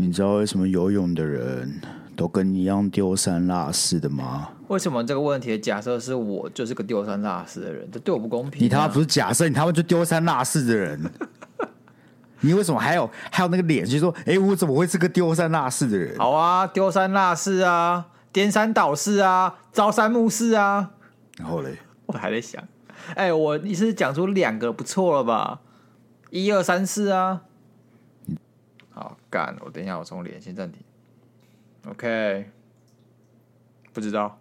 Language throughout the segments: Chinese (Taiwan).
你知道為什麼游泳的人都跟你一樣丟三落四的嗎？為什麼這個問題假設是我就是個丟三落四的人，這對我不公平、啊？你他媽不是假設，你他媽就丟三落四的人。 你為什麼還有還有那個臉，就說哎、欸，我怎麼會是個丟三落四的人？好啊，丟三落四啊，顛三倒四啊，朝三暮四啊。然後嘞，我還在想，哎、欸，我你是講出兩個不錯了吧？一二三四啊。好幹，我等一下我，我從臉先暫停。OK，不知道，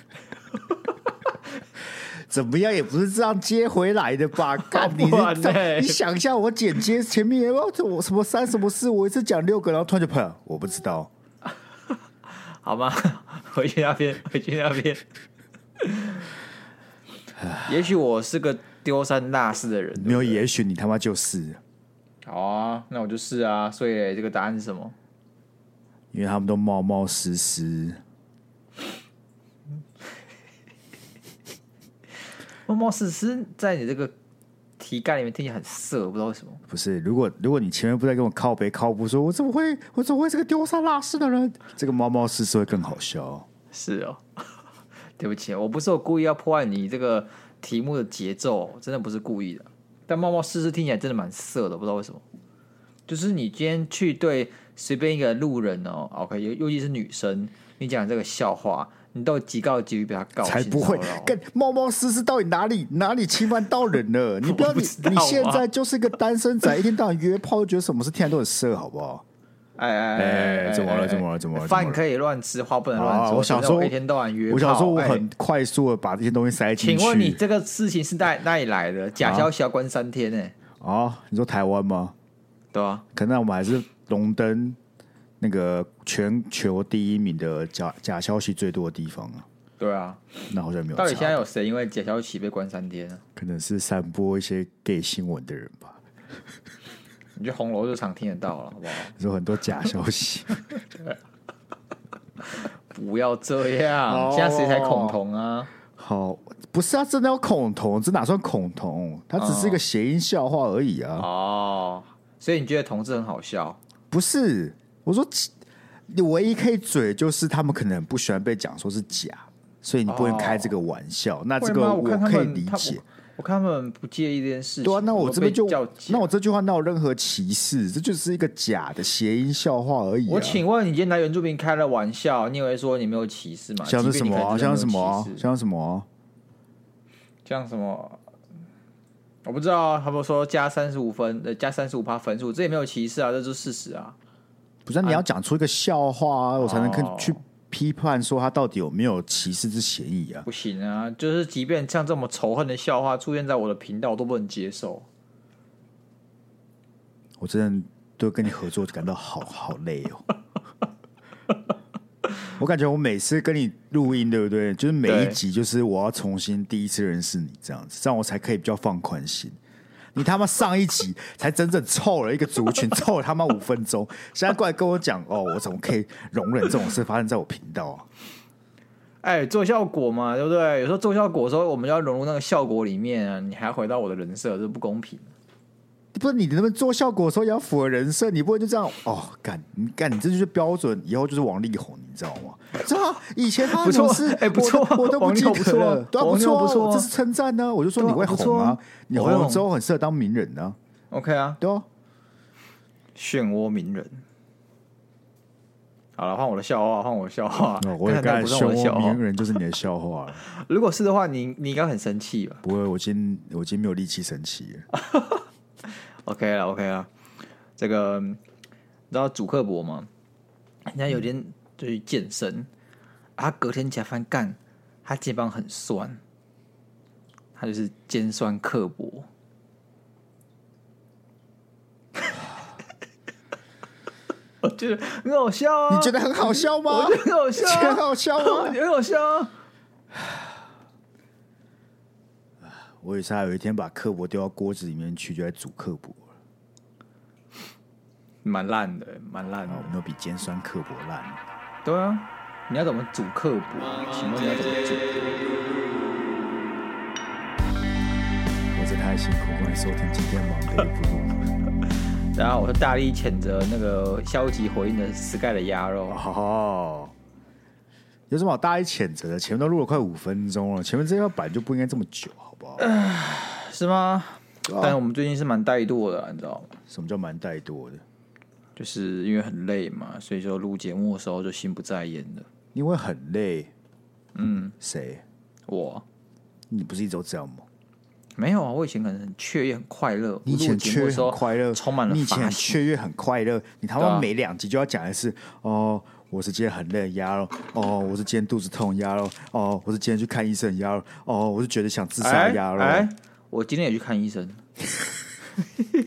怎麼樣也不是這樣接回來的吧？幹你不，欸，你想一下，我剪接前面有沒有我什麼三什麼四，我一次講六個，然後突然就拍了，我不知道。好嗎？回去那邊，回去那邊。 也許我是個丟三落四的人。沒有，對對，也許你他媽就是。好、哦、啊，那我就是啊，所以這個答案是什麼？因為他們都冒冒失失，冒冒失失，在你這個題幹裡面聽起來很色，不知道為什麼。不是，如果如果你前面不再跟我靠北靠北，不說我怎麼會，我怎麼會這個丟三落四的人？這個冒冒失失會更好笑。是哦， 對不起，我不是我故意要破壞你這個題目的節奏，真的不是故意的。但冒冒失失聽起來真的蠻色的，不知道為什麼。就是你今天去對隨便一個路人哦，OK，尤尤其是女生，你講這個笑話，你都極高幾率被他告。才不會，操操跟冒冒失失到底哪裡哪裡侵犯到人呢？ 你不要你，你你現在就是一個單身仔，一天到晚約炮覺得什麼事聽起來都很色，好不好？哎哎哎！怎麼了？怎麼了？怎麼飯可以亂吃，話不能亂說。啊、我小時候每天都晚約。我小時候我很快速的把這些東西塞進去。請問你這個事情是在哪裡來的？假消息要關三天呢？欸？啊？啊，你說台灣嗎？對啊，可能我們還是榮登那個全球第一名的假假消息最多的地方啊。對啊，那好像沒有。到底現在有誰因為假消息被關三天呢？啊？可能是散播一些 gay 新聞的人吧。 你去紅樓就常聽得到了，好不好？有很多假消息 ，不要這樣。哦、現在誰才恐同啊？好，不是啊，真的有恐同，這哪算恐同？它只是一個諧音笑話而已啊。哦，所以你覺得同志很好笑？不是，我說你唯一可以嘴就是他們可能不喜歡被講說是假，所以你不能開這個玩笑。那這個我可以理解。我根本不介意這件事情。對啊，那我這邊就那我這句話哪有任何歧視，這就是一個假的諧音笑話而已、啊。我請問你今天來原住民開了玩笑，你以為說你沒有歧視嗎？像是什麼、啊？像什麼、啊？像什麼、啊？像什麼、啊像什麼、啊像什麼啊？我不知道啊。他們說加三十五分，呃，加三十五趴分數，這也沒有歧視啊，這就是事實啊。不是你要講出一個笑話、啊啊，我才能跟、哦、去。批判說他到底有沒有歧視之嫌疑啊？不行啊，就是即便像這，這麼仇恨的笑話出現在我的頻道，我都不能接受。我真的對跟你合作，就感到好 好累哦。 我感覺我每次跟你錄音，對不對？就是每一集，就是我要重新第一次認識你這樣子，這樣我才可以比較放寬心。你他媽上一集才整整湊了一個族群，湊了他媽五分鐘，現在過來跟我講哦，我怎麼可以容忍這種事發生在我頻道？啊。哎、欸，做效果嘛，對不對？有時候做效果的時候，我們就要融入那個效果裡面啊。你還回到我的人設，這不公平。不是你，能不能做效果的時候也要符合人設，你不會就這樣哦？幹，你幹，你這就是標準，以後就是王力宏，你知道嗎？知、啊、道？以前他不是，哎，不錯、欸不錯我，我都不記得了，都不錯，啊、不錯，這是稱讚呢。我就說你會紅啊，啊說你會紅了之後很適合當名人的、啊啊啊、OK 啊，對哦，漩渦名人。好了，換我的笑話，換我的笑話，我該漩渦名人就是你的笑話。 如果是的話，你你應該很生氣吧？不會，我今天我今天沒有力氣生氣。 OK 了，OK 了，這個你知道主刻薄嗎？人家有天去健身，他、啊、隔天起來翻乾，他肩膀很酸，他就是尖酸刻薄。 我覺得很好笑啊！你覺得很好笑嗎？我覺得很好笑、啊，你覺得很好笑嗎？ 覺得很好笑啊！我覺得很好笑啊！我也是，有一天把刻薄丟到鍋子裡面去，就來煮刻薄了，蠻爛的，蠻爛的，那、啊、比尖酸刻薄爛。對啊，你要怎麼煮刻薄？請問你要怎麼煮、嗯？我是太辛苦，歡迎收聽今天茫 Day 的部落格。然後，我就大力譴責那個消極回應的膝蓋的鴨肉。哦，好好。有什麼好大家譴責的？前面都錄了快五分鐘了，前面這條板就不應該這麼久，好不好？呃、是嗎？啊、但是我們最近是蠻怠惰的、啊，你知道嗎？什麼叫蠻怠惰的？就是因為很累嘛，所以說錄節目的時候就心不在焉的。因為很累。嗯。誰？我。你不是一直都這樣嗎？沒有啊，我以前可能很雀躍、很快樂。以前雀躍、快樂，充滿了。以前很雀躍、很快樂。你他媽每兩集就要講的是、啊、哦。我是今天很累的、的。壓肉哦，我是今天肚子痛，壓肉哦，我是今天去看醫生的，壓肉哦，我是覺得想自殺，壓肉。哎、欸欸，我今天也去看醫生。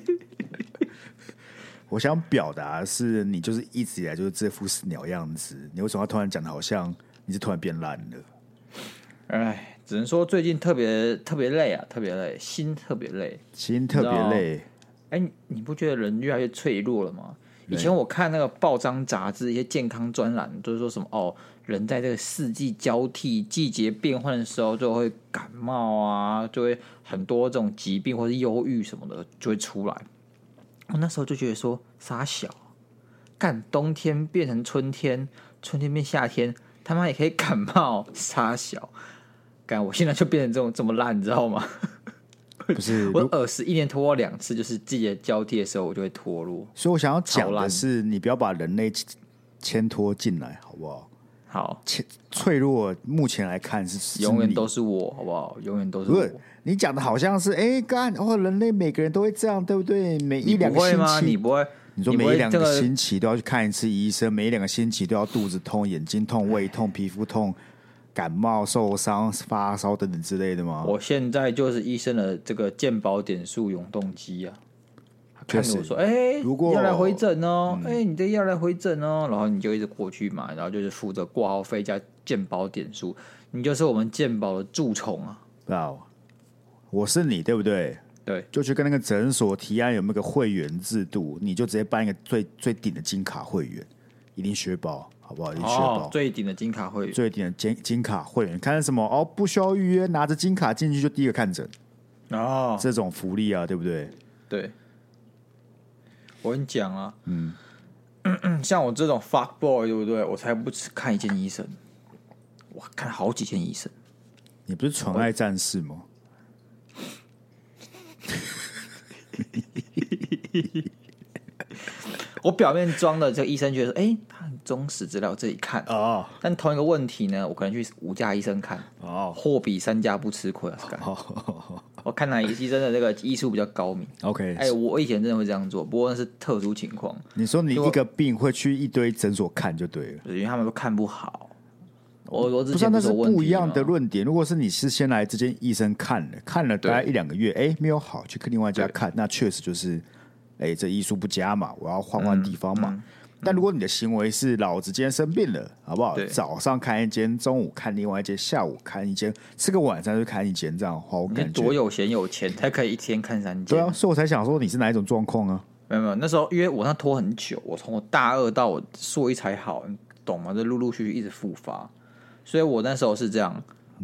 我想表達的是，你就是一直以來就是這副死鳥樣子，你為什麼要突然講得好像你是突然變爛了？哎、欸，只能說最近特別特別累啊，特別累，心特別累，心特別累。哎、欸，你不覺得人越來越脆弱了嗎？以前我看那個報章雜誌，一些健康專欄，都、就是說什麼哦，人在這個四季交替、季節變換的時候，就會感冒啊，就會很多這種疾病或者是憂鬱什麼的就會出來。我那時候就覺得說傻小，幹冬天變成春天，春天變夏天，他媽也可以感冒傻小，幹我現在就變成這種這麼爛，你知道嗎？不是，我耳屎一年脫落兩次，就是季節交替的時候我就會脫落。所以我想要講的是，你不要把人類牽拖進來，好不好？好，脆弱，目前來看是永遠都是我，好不好？永遠都是我。不是，你講的好像是哎，幹、欸，哦，人類每個人都會這樣，對不對？每一兩個星期你不會，你說每一兩個星期都要去看一次醫生，每一兩個星期都要肚子痛、眼睛痛、胃痛、皮膚痛。感冒、受傷、發燒等等之類的嗎？我現在就是醫生的這個健保點數永動機啊！就是、看着我說：“哎、欸，如果要來回診哦、喔，哎、嗯欸，你得要來回診哦、喔，然後你就一直過去嘛，然後就是負責掛號費加健保點數，你就是我們健保的蛀蟲啊！啊、哦，我是你對不對？對，就去跟那個診所提案，有沒有個會員制度？你就直接辦一個最最頂的金卡會員。”一定學保，好不好？一定學保，最頂的金卡會，最頂的金金卡會員，會員你看什麼哦？不需要預約，拿着金卡進去就第一個看診，哦，這種福利啊，對不對？對，我跟你講啊，嗯咳咳，像我這種 fuck boy，對不對？我才不只看一件醫生，我看好幾件醫生。你不是純愛戰士嗎？我表面裝的這個醫生覺得說，哎、欸，他很忠實知道。我自己看，oh. 但同一個問題呢，我可能去五家醫生看，oh. 貨比三家不吃虧。Oh. 我看哪一個醫生的這個醫術比較高明。OK，哎、欸，我以前真的會這樣做，不過那是特殊情況。你說你一個病會去一堆診所看就對了，就是、因為他們都看不好。我我之前不說問不像那是不一樣的論點。如果是你是先來這間醫生看了看了大概一兩個月，哎、欸，沒有好，去另外一家看，那確實就是。哎、欸，這醫術不佳嘛，我要換換地方嘛、嗯嗯。但如果你的行為是老子今天生病了，好不好？早上看一間，中午看另外一間，下午看一間，吃個晚餐就看一間，這樣好你多有閒有錢才可以一天看三間、啊。對啊，所以我才想說你是哪一種狀況啊？沒有沒有，那時候因為我那拖很久，我從我大二到我碩一才好，你懂嗎？就陸陸續續一直復發，所以我那時候是這樣，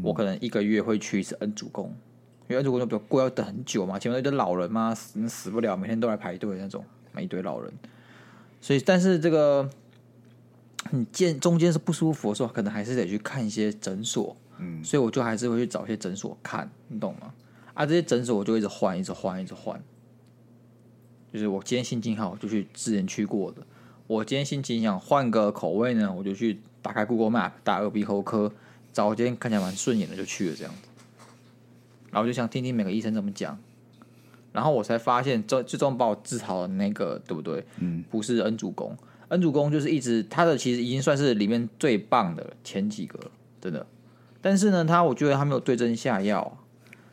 我可能一個月會去一次恩主公。嗯因為如果說比較貴，要等很久嘛，前面都是老人嘛，死死不了，每天都來排隊那種，一堆老人。所以，但是這個很間中間是不舒服的時候，可能還是得去看一些診所。嗯，所以我就還是會去找一些診所看，你懂嗎？啊，這些診所我就一直換，一直換，一直換。就是我今天心情好，就去之前去過的；我今天心情想換個口味呢，我就去打開 Google Map，打耳鼻喉科，找今天看起來蠻順眼的，就去了這樣子。然後就想聽聽每個醫生怎麼講，然後我才發現，最最終把我治好的那個，對不對？嗯，不是恩主公，恩主公就是一直他的其實已經算是裡面最棒的前幾個了，真的。但是呢，他我覺得他沒有對症下藥。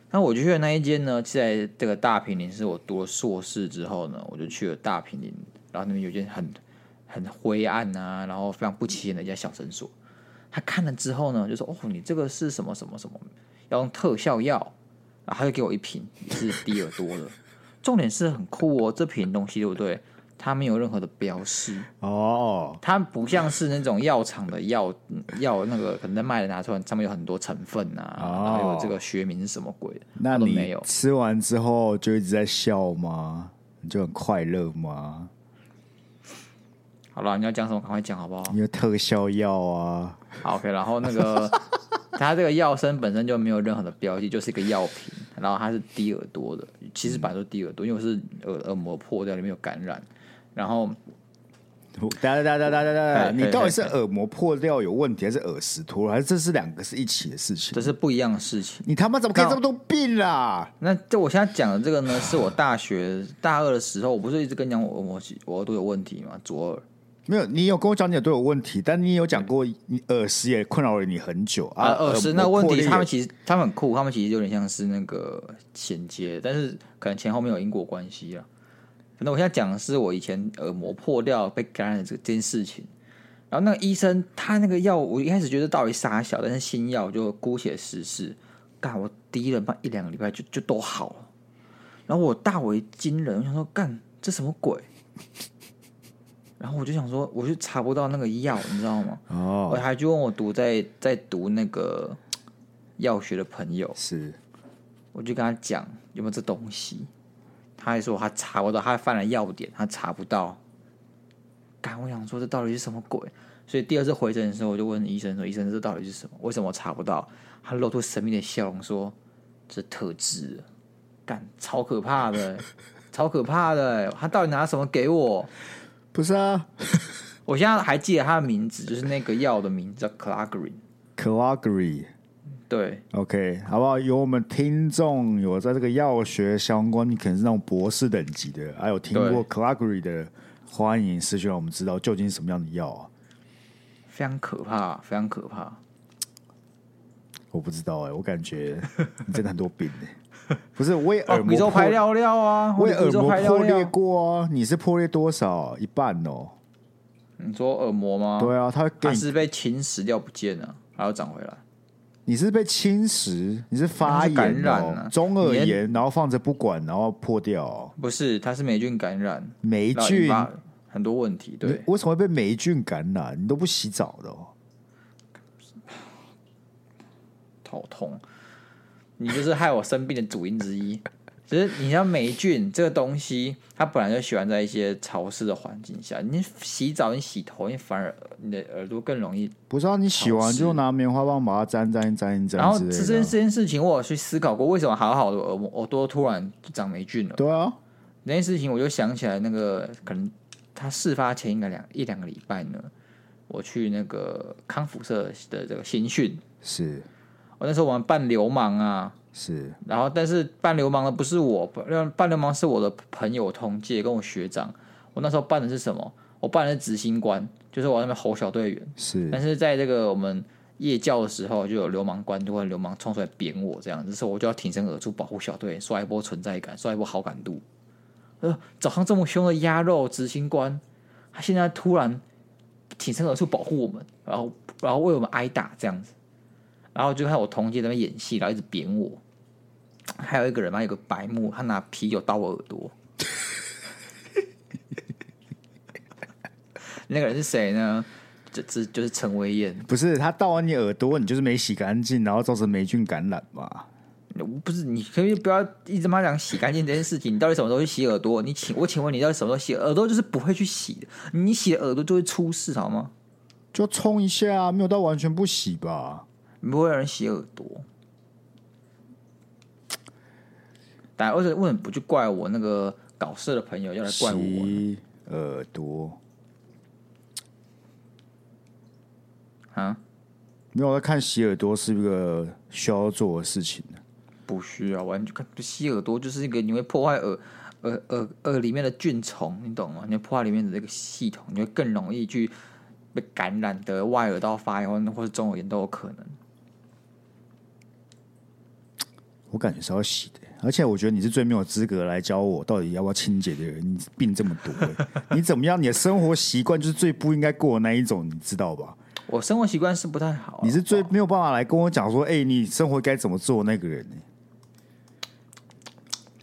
那我就去的那一間呢，在這個大坪林，是我讀了碩士之後呢，我就去了大坪林，然後那邊有一間很很灰暗啊，然後非常不起眼的一家小診所。他看了之後呢，就說：“哦，你這個是什麼什麼什麼，要用特效藥。”啊，他就給我一瓶，是低爾多的。重點是很酷哦，這瓶東西對不對？它沒有任何的標識哦，oh. 它不像是那種藥廠的藥藥，那個可能賣的拿出來，上面有很多成分啊，oh. 然後有這個學名是什麼鬼，那你它都沒有。吃完之後就一直在笑嗎？你就很快樂嗎？好了，你要講什麼？趕快講好不好？你有特效藥啊。OK，然後那個。 他這個藥身本身就沒有任何的標記，就是一個藥瓶。然後它是滴耳朵的，其實不是滴耳朵，因為我是耳耳膜破掉，裡面有感染。然後噠噠噠噠噠噠，你到底是耳膜破掉有問題，還是耳石脫了，還是這是兩個是一起的事情？這是不一樣的事情。你他媽怎麼可以這麼多病啦、啊？那就我現在講的這個呢，是我大學 大二的時候，我不是一直跟你講我耳膜、我耳朵有問題嗎？左耳。沒有，你有跟我講，你都有問題，但你有講過你耳石也困擾了你很久啊。耳石那個問題是，他們其實他們很酷，他們其實有點像是那個銜接，但是可能前後沒有因果關係啊。反正我現在講的是我以前耳膜破掉被感染的這件事情，然後那個醫生他那個藥，我一開始覺得到底殺小，但是新藥就姑且試試，幹，我滴了那一兩個禮拜就就都好了，然後我大為驚人，我想說幹這什麼鬼？然後我就想說，我就查不到那個藥，你知道嗎？哦，我還就問我讀在在讀那個藥學的朋友，是，我就跟他講有沒有這東西，他還說他查不到，他還翻了藥典，他查不到。幹，我想說這到底是什麼鬼？所以第二次回診的時候，我就問醫生說：“醫生，這到底是什麼？為什麼我查不到？”他露出神秘的笑容說：“這特製。”幹，超可怕的， 超可怕的，他到底拿什麼給我？不是啊， 我現在還記得它的名字，就是那個藥的名字叫 Clagrin。Clagrin 對。OK，好不好？有我們聽眾有在這個藥學相關，你可能是那種博士等級的，還有聽過 Clagrin 的，歡迎私訊，讓我們知道究竟是什麼樣的藥啊！非常可怕，非常可怕。我不知道哎、欸，我感覺你真的很多病哎、欸。 不是，我也耳膜。你說排料料啊，我也耳膜破裂過啊。你是破裂多少？一半哦。你說耳膜嗎？對啊，它他，他是被侵蝕掉不見了，還要長回來。你是被侵蝕？你是發炎、哦、是感染、啊、中耳炎，然後放着不管，然後破掉、哦？不是，它是霉菌感染。霉菌很多問題，對。為什麼會被霉菌感染？你都不洗澡的。哦。頭痛。你就是害我生病的主因之一，其實你知道霉菌 這個東西，它本來就喜歡在一些潮濕的環境下。你洗澡，你洗頭，你反而你的耳朵更容易。不是道、啊、你洗完就拿棉花棒把它沾粘、沾，沾一沾。然後這件這件事情，我有去思考過，為什麼好好的耳膜，耳朵都突然長霉菌了？對啊，那件事情我就想起來，那個可能他事發前應該兩一兩個禮拜呢，我去那個康輔社的這個新訓是。我那時候玩扮流氓啊，是，然後但是扮流氓的不是我，扮扮流氓是我的朋友同屆跟我學長。我那時候扮的是什麼？我扮的是執行官，就是我那邊吼小隊員。是，但是在這個我們夜教的時候，就有流氓官就會流氓衝出來扁我這樣子，所以我就要挺身而出保護小隊員，刷一波存在感，刷一波好感度。呃，早上這麼凶的鴨肉執行官，他現在突然挺身而出保護我們，然後然後為我們挨打這樣子。然後就看我同級在那演戲，然後一直扁我。還有一個人嘛，有一個白目，他拿啤酒倒我耳朵。 那個人是誰呢？就就，就是陳威燕。不是，他倒完你耳朵，你就是沒洗乾淨，然後造成霉菌感染嘛。不是，你可，不可以不要一直嘛講洗乾淨這件事情？你到底什麼時候去洗耳朵？你請我請問你到底什麼時候洗耳朵？就是不會去洗的，你洗的耳朵就會出事好嗎？就沖一下，沒有到完全不洗吧。不會有人洗耳朵，但而且為什麼不去怪我那個搞事的朋友要來怪我洗耳朵？啊，沒有我在看洗耳朵是不是一個需要做的事情，不需要完全，看洗耳朵就是一個你會破壞耳耳耳耳裡面的菌蟲，你懂嗎？你會破壞裡面的這個系統，你會更容易去被感染，得外耳道發炎或者中耳炎都有可能。我感覺是要洗的，而且我覺得你是最沒有資格來教我到底要不要清潔的人。 你病這麼多，欸，你怎麼樣？你的生活習慣就是最不應該過的那一種，你知道吧？我生活習慣是不太好，啊。你是最沒有辦法來跟我講說，哎，欸，你生活該怎麼做那個人呢，欸？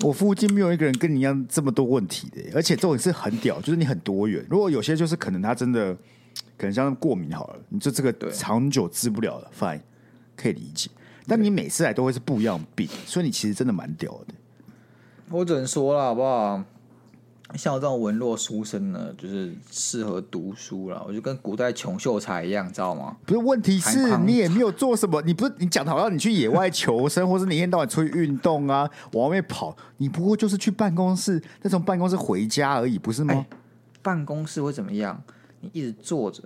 我附近沒有一個人跟你一樣這麼多問題的，欸，而且這種是很屌，就是你很多元。如果有些就是可能他真的可能像過敏好了，你就這個長久治不了了，fine，可以理解。但你每次來都會是不一樣病，所以你其實真的蠻屌的。我只能說啦，好不好？像我這種文弱書生呢，就是適合讀書啦，我就跟古代窮秀才一樣，知道嗎？不是問題是你也沒有做什麼，你不是你講的好像你去野外求生， 或者你一天到晚出去運動啊，往外面跑。你不過就是去辦公室，再從辦公室回家而已，不是嗎、欸？辦公室會怎麼樣？你一直坐着，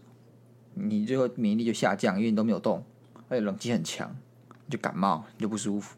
你最後免疫力就下降，因為你都沒有動，而且冷氣很強。就感冒，就不舒服。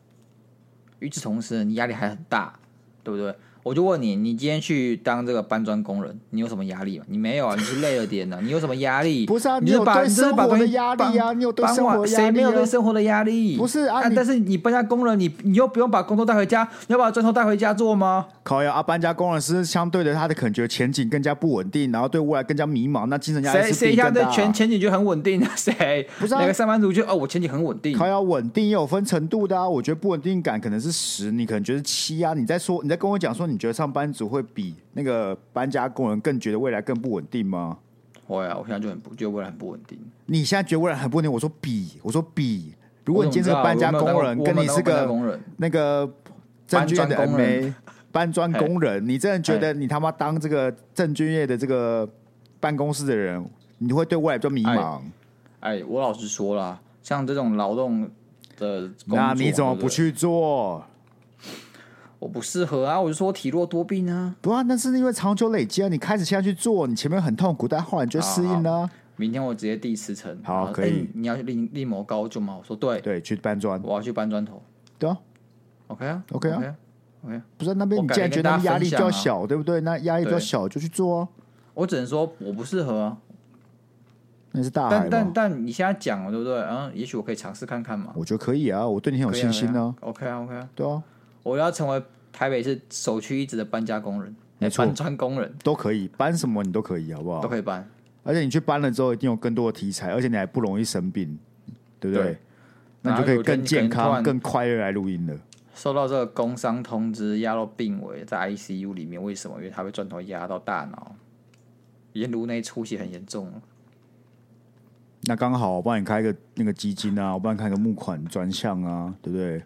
與此同時，你壓力還很大，對不對？我就問你，你今天去當這個搬磚工人，你有什麼壓力嗎？你沒有啊，你是累了點呢、啊。 你有什麼壓力？不是啊，你是把你有對生活的壓力啊，你有搬壓力。沒有對生活的壓力，啊、力？不是啊，啊，但是你搬家工人，你你又不用把工作帶回家，你要把磚頭帶回家做嗎？靠、啊、呀，啊，搬家工人是，是相對的，他的感覺得前景更加不穩定，然後對未來更加迷茫，那精神壓力誰誰對前前景就很穩定的誰？不是、啊、哪個上班族就哦，我前景很穩定？靠、啊、呀，穩、啊、定也有分程度的啊，我覺得不穩定感可能是十，你可能覺得七啊，你再說你再跟我講說。你覺得上班族會比那個搬家工人更覺得未來更不穩定嗎？會啊，我現在就很覺得未來很不穩定。你現在覺得未來很不穩定？我說比，我說比。如果你今天是個搬家工人，個個人，跟你是個，個工人，那個鄭鈞的沒搬磚工人，你真的覺得你他媽當這個證券業的這個辦公室的人，你會對未來比較迷茫？哎，我老實說啦，像這種勞動的工，那你怎麼不去做？我不適合啊！我就說我體弱多病啊。不啊，那是因為長久累積啊。你開始現在去做，你前面很痛苦，但後來你就適應了、啊。明天我直接第一次層。好，可以。欸、你要去另另謀高就嗎？我說對。對，去搬磚。我要去搬磚頭。對啊。OK 啊，OK 啊，OK，啊 okay 啊。不是那邊，你既然覺得壓力比較小，對不對？那壓力比較小就去做哦、啊。我只能說我不適合、啊。那是大海嗎？但但但你現在講了，對不對？嗯，也許我可以嘗試看看嘛。我覺得可以啊，我對你很有信心呢、啊啊。OK 啊，OK 啊，對啊。我要成為台北市首屈一指的搬家工人，搬磚工人都可以搬什麼，你都可以，好不好？都可以搬，而且你去搬了之後，一定有更多的題材，而且你還不容易生病，對不對？對那、啊、那你就可以更健康、更快樂來錄音了。收到這個工傷通知，壓到病危，在 ICU 裡面，為什麼？因為他被磚頭壓到大腦，已經顱內出血很嚴重了。那剛好，我幫你開一個那個基金啊，我幫你開一個募款專項啊，對不對？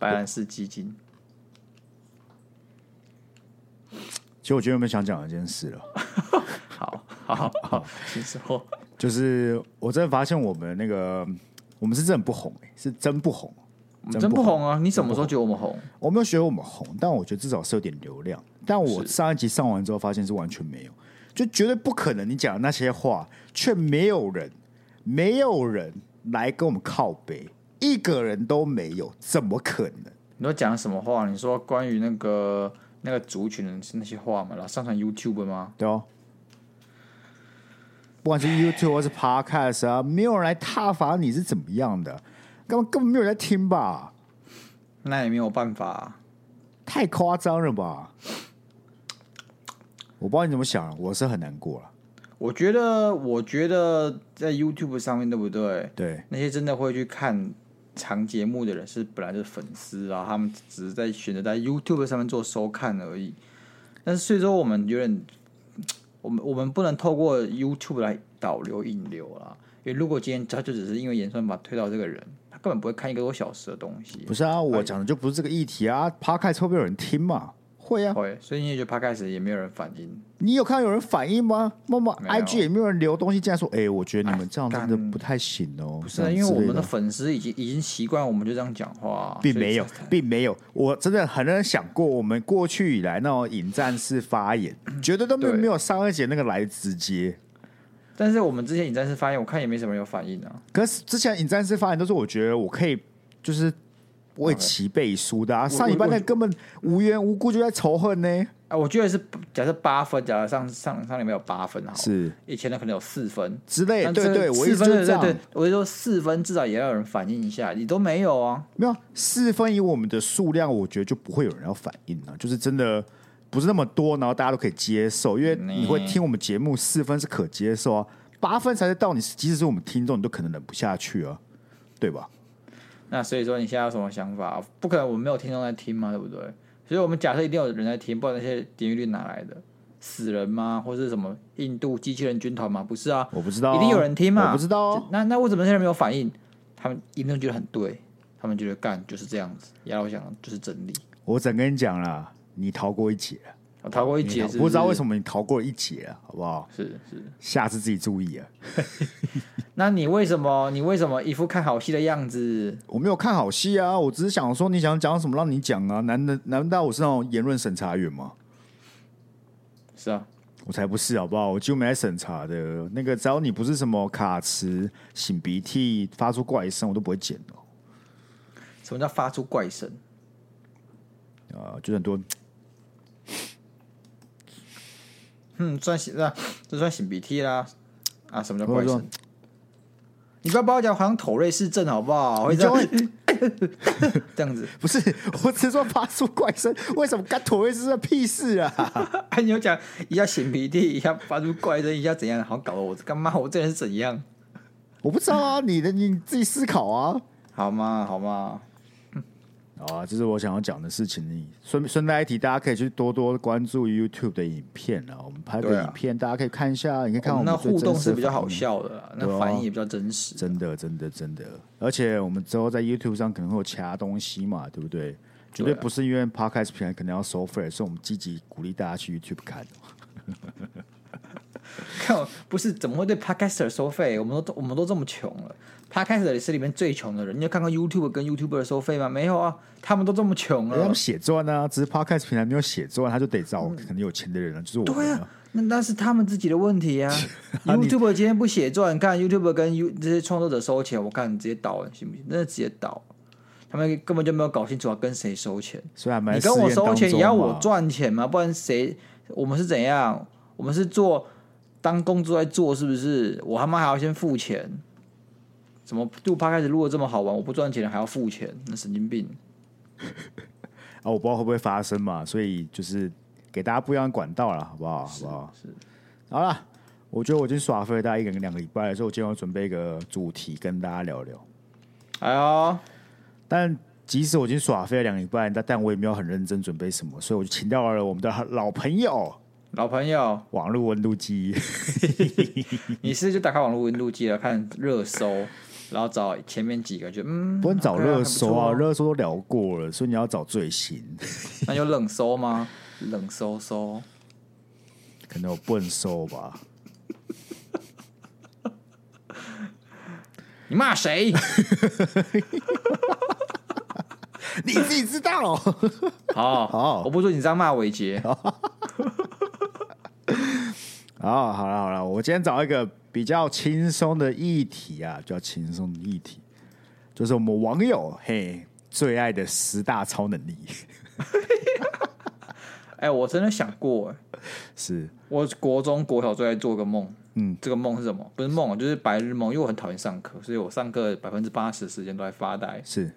白蘭氏基金，其實我覺得我們想講一件事了。 好，好好 好，就是我真的發現我們那個，我們是真的不紅、欸、是真不紅，真不紅，真不紅啊！你什麼時候覺得我們紅？紅我沒有覺得我們紅，但我覺得至少是有點流量。但我上一集上完之後，發現是完全沒有，就絕對不可能。你講的那些話，卻沒有人，沒有人來跟我們靠北。一個人都沒有，怎麼可能？你都講了什麼話？你說關於那個那個族群的那些話嘛，然後上傳 YouTube 嗎？對哦，不管是 YouTube 還是 Podcast 啊，沒有人來撻伐，你是怎麼樣的？根本根本沒有人在聽吧？那也沒有辦法啊，太誇張了吧？我不知道你怎麼想，我是很難過了。我覺得，我覺得在 YouTube 上面，對不對？對，那些真的會去看。長節目的人是本來就是粉絲啊，他們只是在選擇在 YouTube 上面做收看而已。但是，所以說我們有點，我們我們不能透過 YouTube 來導流引流啊。因為如果今天他就只是因為演算法推到這個人，他根本不會看一個多小時的東西。不是啊，我講的就不是這個議題啊。趴 a r k 開有人聽嘛？會啊，所以你也就怕開始也沒有人反應。你有看到有人反應嗎？默默 IG 也沒有人留東西，竟然說，哎，我覺得你們這樣真的不太行哦、哎。不是、啊，因為我們的粉絲已經已經習慣我們就這樣講話，並沒有，並沒有。我真的很多人想過，我們過去以來那種引戰式發言，絕對都沒有沒有上一集那個來直接。但是我們之前引戰式發言，我看也沒什麼有反應啊。可是之前引戰式發言都是我覺得我可以，就是。不會齊背書的，啊，okay，上禮拜那根本無緣無故就在仇恨呢，欸。啊，我覺得是，假設八分，假如上上上裡面有八分啊，是以前的可能有四分之類，對，對對，我四分這樣，對，對，對，我就說四分至少也要有人反映一下，你都沒有啊，沒有四分以我們的數量，我覺得就不會有人要反映了，就是真的不是那麼多，然後大家都可以接受，因為你會聽我們節目四分是可接受啊，八分才是到你，即使是我們聽眾，你都可能忍不下去啊，對吧？那所以說你現在有什麼想法、啊？不可能我們沒有聽眾在聽嘛，對不對？所以我們假設一定有人在聽，不然那些點擊率哪來的？死人嗎？或是什麼印度機器人軍團嗎？不是啊，我不知道、哦，一定有人聽嘛？我不知道、哦。那那為什麼現在沒有反應？他們一定覺得很對，他們覺得幹就是這樣子，然後我想就是真理。我整跟你講了，你逃過一劫了。我逃過一劫，不知道為什麼你逃過一劫啊，好不好？是是，下次自己注意啊。 那你為什麼？你為什麼一副看好戲的樣子？我沒有看好戲啊，我只是想說你想講什麼，讓你講啊。難難道我是那種言論審查員嗎？是啊，我才不是好不好？我幾乎沒來審查的。那個只要你不是什麼卡詞、擤鼻涕、發出怪聲，我都不會剪哦、喔。什麼叫發出怪聲？啊、呃，就很多。嗯，算擤，這、啊、算擤鼻涕啦、啊，啊，什麼叫怪聲？不你不要把我講好像妥瑞氏症好不好？好你會 這樣子不是，我只是說發出怪聲，為什麼跟妥瑞氏這屁事啊？ 啊你,講你要講一下擤鼻涕，一下發出怪聲，一下怎樣？好搞得我，我幹嘛？我這人是怎樣？我不知道啊，你的你自己思考啊，好嗎？好嗎？好啊，這是我想要講的事情。順順帶一提，大家可以去多多關注 YouTube 的影片，我們拍的影片、啊，大家可以看一下。你看，看我們的、哦、那互動是比較好笑的，那反應也比較真實、啊。真的，真的，真的。而且我們之後在 YouTube 上可能會有其他東西嘛，對不對？絕對不是因為 Podcast 平台可能要收費，而是我們積極鼓勵大家去 YouTube 看、喔。 靠，不是怎麼會對 Podcaster 收費？我們都我們都這麼窮了，Podcaster 也是裡面最窮的人。你就看看 YouTube 跟 YouTuber 的收費嗎？沒有啊，他們都這麼窮啊、欸。他們寫作呢，只是 Podcast 平台沒有寫作，他就得找肯定有錢的人了、嗯。就是我、啊。對啊，那那是他們自己的問題啊。 啊、YouTube 今天不寫作，你看 YouTube 跟 You 這些創作者收錢，我看你直接倒了，了行不行？那就直接倒，他們根本就沒有搞清楚啊，跟誰收錢？雖然、啊、你跟我收錢，也要我賺錢嘛。不然誰？我們是怎樣？我們是做。當工作在做，是不是？我他媽還要先付錢？怎麼就怕開始錄得這麼好玩？我不賺錢還要付錢？那神經病！啊，我不知道會不會發生嘛，所以就是給大家不一樣管道了，好不好？好不好？是，是好啦，我覺得我已經耍廢了大家一個兩個禮拜了，所以我今天要準備一個主題跟大家聊聊。哎呀，但即使我已經耍廢了兩個禮拜，但但我也沒有很認真準備什麼，所以我就請到了我們的老朋友。老朋友，網絡溫度計， 你是就打開網絡溫度計了，看熱搜，然後找前面幾個就，覺嗯，不能找熱搜啊，熱、OK 啊啊、搜都聊過了，所以你要找最新。那有冷搜嗎？冷搜搜，可能有混搜吧。 你罵罵誰誰？ 你自己知道、哦 好哦。好好、哦，我不說，你這樣罵偉杰。 oh, 好啦，好了，好了，我今天找一個比較輕鬆的議題啊，叫輕鬆的議題，就是我們網友嘿、hey, 最愛的十大超能力。哎、 欸，我真的想過，哎，是，我國中、國小最愛做個夢，嗯，這個夢是什麼？不是夢，就是白日夢，因為我很討厭上課，所以我上課百分之八十時間都在發呆。是。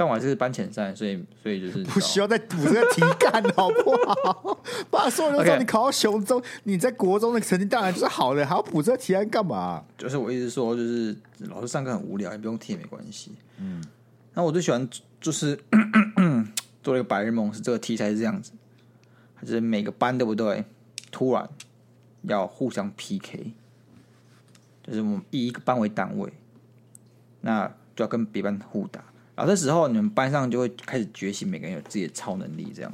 但我就是，是班前三，所以所以就是不需要再補這個題幹，好不好？ 爸說完就說：“你考到雄中，okay. 你在國中的成績當然就是好的，還要補這個題幹幹嘛？”就是我一直說，就是老師上課很無聊，你不用聽也沒關係。嗯，那、啊、我最喜歡就是咳咳咳做了一個白日夢，是這個題材是這樣子，就是每個班對不對？突然要互相 PK，就是我們以一個班為單位，那就要跟別班互打。啊，這時候你們班上就會開始覺醒，每個人有自己的超能力，這樣，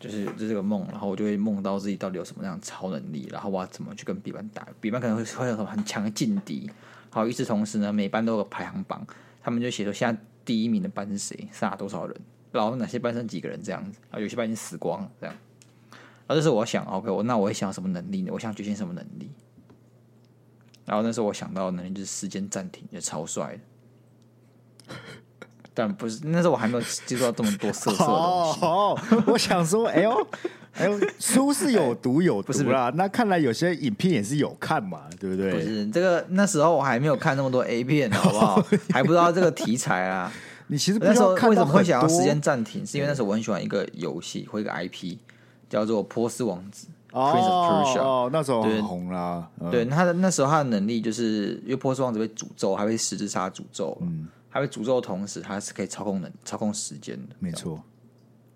就是這、就是一個夢。然後我就會夢到自己到底有什麼樣的超能力，然後我要怎麼去跟比班打？比班可能會會有什麼很強的勁敵。好，與此同時呢，每班都有排行榜，他們就寫說現在第一名的班是誰，殺了多少人，然後哪些班剩幾個人這樣子啊，有些班已經死光了這樣。啊，這是我想，OK，我那我會想什麼能力呢？我想覺醒什麼能力？然後那時候我想到的能力就是時間暫停，就超帥的。 但不是，那時候我還沒有接觸到這麼多色色的東西。好、oh, oh,， 我想說，哎呦，哎呦，書是有讀有讀啦，欸不是。那看來有些影片也是有看嘛，對不對？不是這個那時候我還沒有看那麼多 A 片、oh,，好不好？ 還不知道這個題材啊。你其實那時候為什麼會想要時間暫停，嗯？是因為那時候我很喜歡一個遊戲、嗯、或一個 IP，叫做《波斯王子》oh,。哦、oh, 那時候很紅啦。對，他、嗯、的那，那時候他的能力就是因為波斯王子被詛咒，還被十字叉詛咒。嗯。他被詛咒的同時，他是可以操控能操控時間的。沒錯，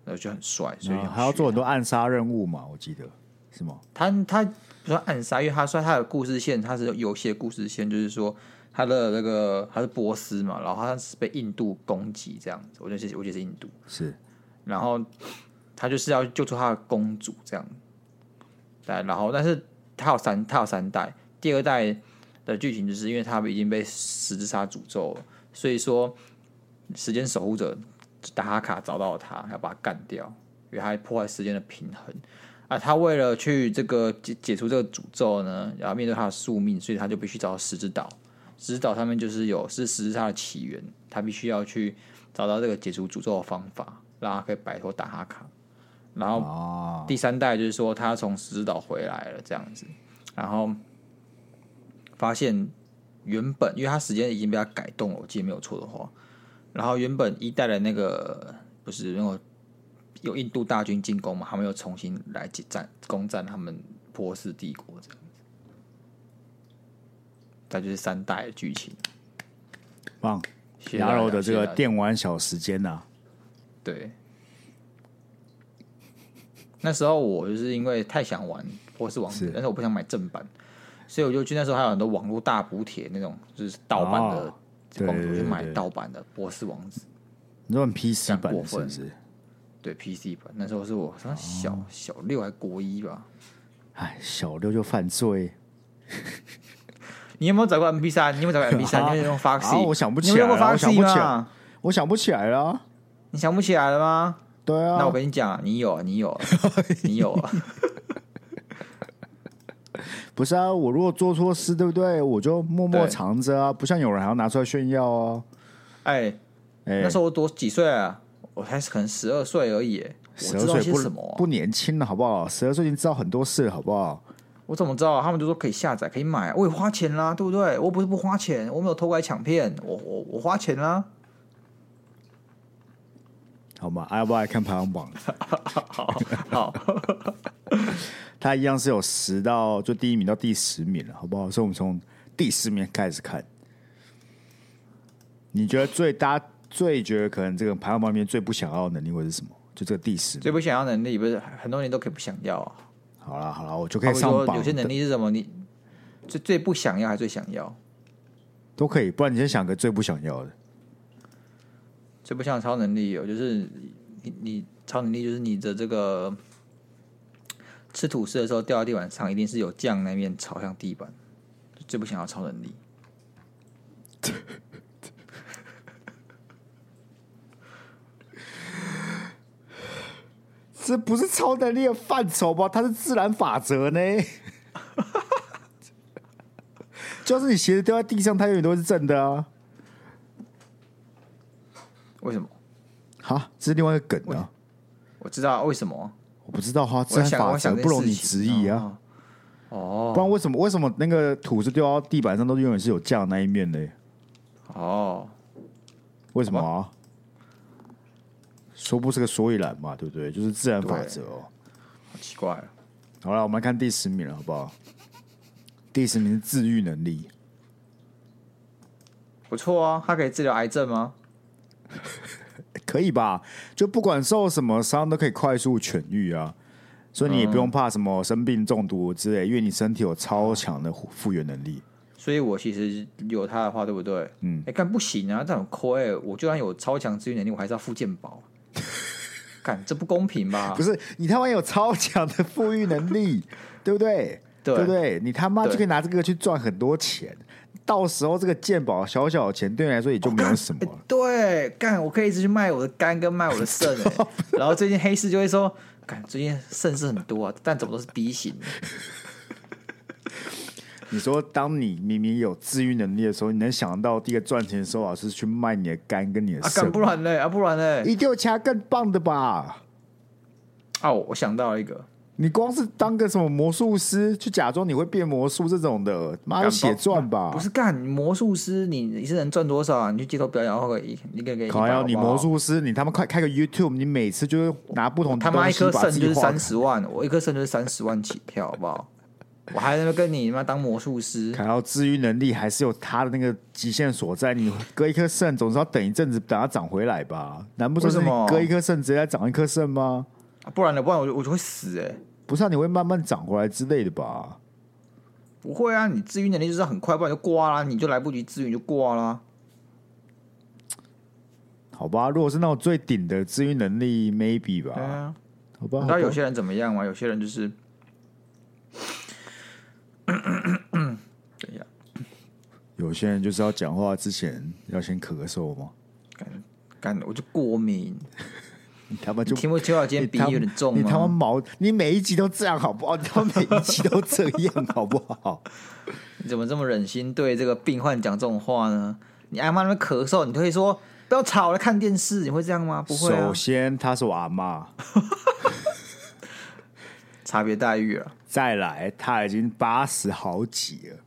然後就很帥，所以還要做很多暗殺任務嘛？我記得是嗎？他他不算暗殺，因為他說他的故事線，他是有些故事線，就是說他的那個，他是波斯嘛，然後他是被印度攻擊這樣子，我就是我覺得是印度是，然後他就是要救出他的公主這樣子，對，然後但是他有三他有三代，第二代的劇情就是因為他已經被十字殺詛咒了。所以說，時間守護者達哈卡找到了他，要把他幹掉，因為他還破壞時間的平衡啊。他為了去這個解解除這個詛咒呢，然後面對他的宿命，所以他就必須找到十字島。十字島上面就是有是十字架的起源，他必須要去找到這個解除詛咒的方法，讓他可以擺脫達哈卡。然後第三代就是說他從十字島回來了這樣子，然後發現。原本，因為他時間已經被他改動了，我記得沒有錯的話，然後原本一代的那個不是後、那個、有印度大軍進攻嘛，他們又重新來進戰攻佔他們波斯帝國這樣子，再就是三代的劇情，棒，拿的，的這個電玩小時間吶、啊，對，那時候我就是因為太想玩波斯王子，但是我不想買正版。所以我就去那時候還有很多網絡大補帖那種，就是盜版的，就買盜版的《波斯王子》。你玩 PC 版過分，是？對 PC 版那時候是我上、哦、小小六還國一吧？哎，小六就犯罪。 你有沒有找過 MP3？你有沒有找過 MP3？你有沒有用 Foxy？、啊、我想不起來，你有有用過 Foxy 嗎我我？我想不起來了，你想不起來了嗎？對啊，那我跟你講，你有，啊，你有，啊，你有。啊。 不是啊，我如果做錯事，對不對？我就默默藏着啊，不像有人還要拿出來炫耀哦、啊。哎哎，那時候我多幾歲啊？我才可能十二歲而已，十二歲不、啊、不年輕了，好不好？十二歲已經知道很多事了，好不好？我怎麼知道、啊？他們就說可以下載，可以買，我也花錢啦、啊，對不對？我不是不花錢，我沒有偷拐搶騙，我我我花錢啦、啊。好嘛，愛、啊、不愛看排行榜？好 好。好 好 他一樣是有十到就第一名到第十名了，好不好？所以我們從第十名開始看。你覺得最大最覺得可能這個排行榜裡面最不想要的能力會是什麼？就這個第十名最不想要能力，不是很多人都可以不想要啊。好了好了，我就可以上榜。有些能力是什麼？你最最不想要還最想要？都可以，不然你先想個最不想要的。最不想要超能力有就是你你超能力就是你的這個。吃吐司的時候掉到地板上，一定是有醬那面朝向地板。最不想要超能力，這不是超能力的範疇吧？它是自然法則呢。 就是你鞋子掉在地上，它永遠都是正的啊。為什麼？好，這是另外一個梗啊。我知道為什麼。不知道哈、啊，自然法則不容你質疑啊！哦，不然為什麼為什麼那個土是掉到地板上都永遠是有醬的那一面的哦，為什麼啊？說不是個所以然嘛，對不對？就是自然法則哦。好奇怪。好了，我們來看第十名了，好不好？第十名是治癒能力。不錯啊，它可以治療癌症嗎？ 可以吧？就不管受什麼傷都可以快速痊癒啊，所以你也不用怕什麼生病、中毒之類、嗯，因為你身體有超強的復原能力。所以我其實有他的話，對不對？嗯。哎、欸，幹不行啊！這種 call 欸，我就算有超強治愈能力，我還是要付健保？幹 這不公平吧？不是，你他媽有超強的復癒能力， 對不對？對，對不對？你他媽就可以拿這個去賺很多錢。到時候這個健保小小的錢對你來說也就沒有什麼了、哦欸。對，幹我可以一直去賣我的肝跟賣我的腎、欸。 然後最近黑市就會說，看最近腎是很多、啊，但怎麼都是 B 型？你說，當你明明有治癒能力的時候，你能想到第一個賺錢的時候、啊，方法是去賣你的肝跟你的腎？不然嘞，不然嘞，一定有其他更棒的吧？哦，我想到了一個。你光是當個什麼魔術師，去假裝你會變魔術這種的，媽的血賺吧不！不是幹魔術師，你是能賺多少啊？你去街頭表演，或者一一個給你表演。考要你魔術師，你他媽快開個 YouTube，你每次就是拿不同東西把自己他媽，一顆腎就是三十萬，我一顆腎就是三十萬起票，好不好？ 我還在那跟你他媽當魔術師？考要，治癒能力還是有他的那個極限所在，你割一顆腎，總是要等一陣子，等它長回來吧？難不成是割一顆腎直接長一顆腎嗎？不然的不然我就我就會死哎、欸！不是、啊、你會慢慢長回來之類的吧？不會啊，你自愈能力就是很快，不然就掛啦，你就來不及自愈你就掛啦。好吧，如果是那種最頂的治愈能力，maybe 吧、啊、吧。好吧，那有些人怎麼樣啊？有些人就是…… 等一下，有些人就是要講話之前要先咳嗽嘛。感幹，幹，我就過敏。 你他媽就聽不清楚，今天鼻音有點重。 你他媽毛！你每一集都這樣，好不好？你他媽每一集都這樣，好不好？ 你怎麼這麼忍心對這個病患講這種話呢？你阿媽那邊咳嗽，你可以說不要吵了，看電視。你會這樣嗎？不會、啊。首先，他是我阿媽， 差別待遇了。再來，他已經八十好幾了，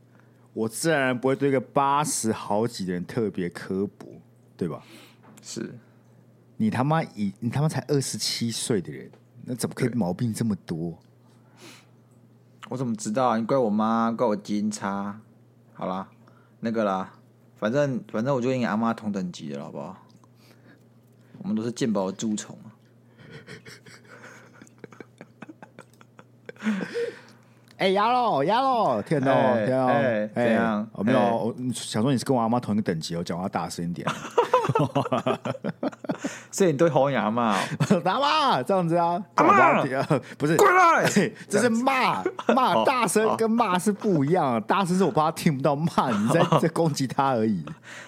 我自然而然不會對一個八十好幾的人特別刻薄，對吧？是。你他媽以你他媽才二十七歲的人，那怎麼可以毛病這麼多？我怎麼知道啊？你怪我媽，怪我基因差。好啦，那個啦，反正反正我就跟你阿媽同等級的，好不好？我們都是健保的蛀蟲。 哎呀嘍呀嘍，天吶天吶哎，怎樣？我沒有、欸，我想說你是跟我阿媽同一個等級，我講話大聲一點。 所以你都紅牙嘛？阿 媽、啊、這樣子啊？阿、啊、媽、啊，不是，欸、這是罵罵大聲跟罵是不一樣、啊，大聲是我爸聽不到罵，罵、哦、你在在攻擊他而已。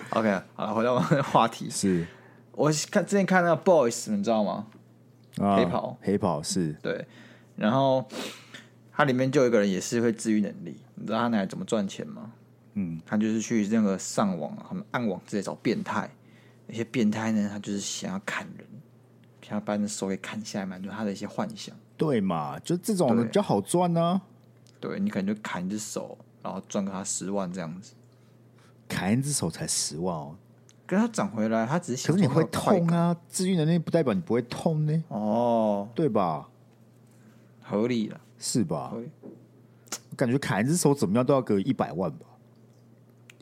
OK，好，回到我們話題，是我是看之前看那個 BOYS，你知道嗎、嗯？黑袍，黑袍，是，對，然後。他裡面就有一個人也是會治癒能力，你知道他奶奶怎麼賺錢嗎？嗯，他就是去任何上網、啊、他們暗網之類找變態，那些變態呢，他就是想要砍人，想要把你的手給砍下來滿足他的一些幻想。對嘛，就這種比較好賺啊，對你可能就砍一隻手，然後賺個他十萬這樣子。砍一隻手才十萬哦，跟他長回來，他只是想。可是你會痛啊，治癒能力不代表你不會痛呢。哦，對吧？合理了。是吧？我感覺砍一隻手怎麼樣都要給一百萬吧，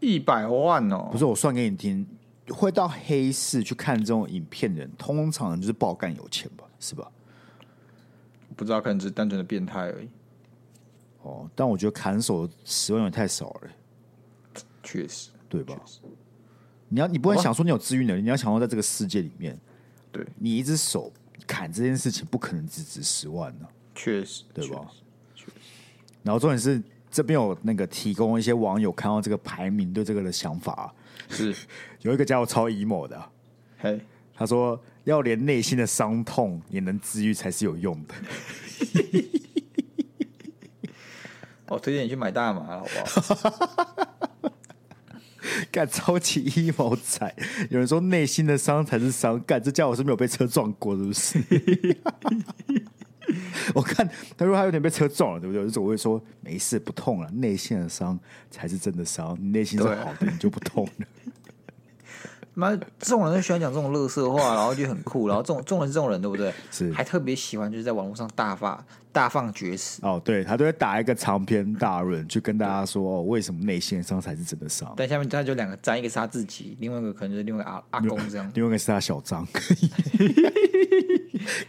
一百萬哦！不是，我算給你聽，會到黑市去看這種影片的人，通常就是爆幹有錢吧，是吧？不知道，可能只是單純的變態而已。哦，但我覺得砍手的十萬有點太少了、欸，確實，對吧？你要，你不能想說你有治癒能力，你要想說在這個世界裡面，對你一隻手砍這件事情，不可能只值十萬的、啊。確實，對吧？然後重點是這邊有那個提供一些網友看到這個排名對這個的想法、啊是，是 有一個家伙超 emo 的，啊，嘿、hey，他說要連內心的傷痛也能治癒才是有用的。我推薦你去買大麻，好不好？ 幹？幹超級 emo 仔，有人說內心的傷才是傷，幹這家伙是，是沒有被車撞過，是不是？ 我看，他說他有點被車撞了，對不對？我就我會說沒事，不痛了。內心的傷才是真的傷。你內心是好的，你就不痛了。 媽，這種人就喜歡講這種垃圾話，然後就很酷，然後這種這種人是這種人，對不對？是，還特別喜歡就是在網絡上大發大放厥詞。哦，對他都會打一個長篇大論，就、嗯、跟大家說、哦、為什麼內線傷才是真的傷。但下面他就兩個，沾一個殺自己，另外一個可能就是另外一個阿阿公這樣，另外一個是他小張。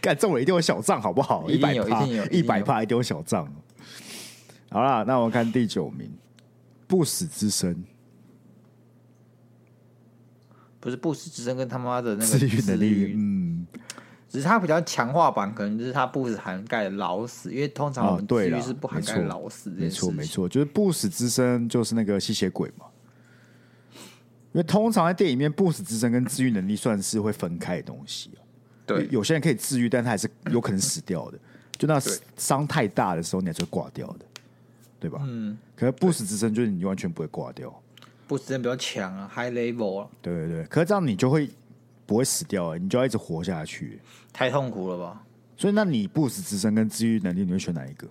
幹 中 種人一定有小張，好不好？一百有，有，有，一定有一百趴一定有小張。 好了，那我們看第九名，不死之身。不是不死之身跟他媽的那個自愈能力，嗯，只是他比較強化版，可能就是他不涵蓋老死，因為通常我們治癒是不涵蓋老死。哦對，沒錯，沒錯，就是不死之身就是那個吸血鬼嘛。因為通常在電影裡面，不 死之身跟治癒能力算是會分開的東西。啊，對，有些人可以治癒，但他還是有可能死掉的，就那傷太大的時候，你還是會掛掉的，對吧？嗯，可是不死之身就是你完全不會掛掉。不死之身比較強啊，High level 啊。對對對，可是這樣你就會不會死掉啊？欸，你就要一直活下去，欸，太痛苦了吧？所以，那你不死之身跟治癒能力，你會選哪一個？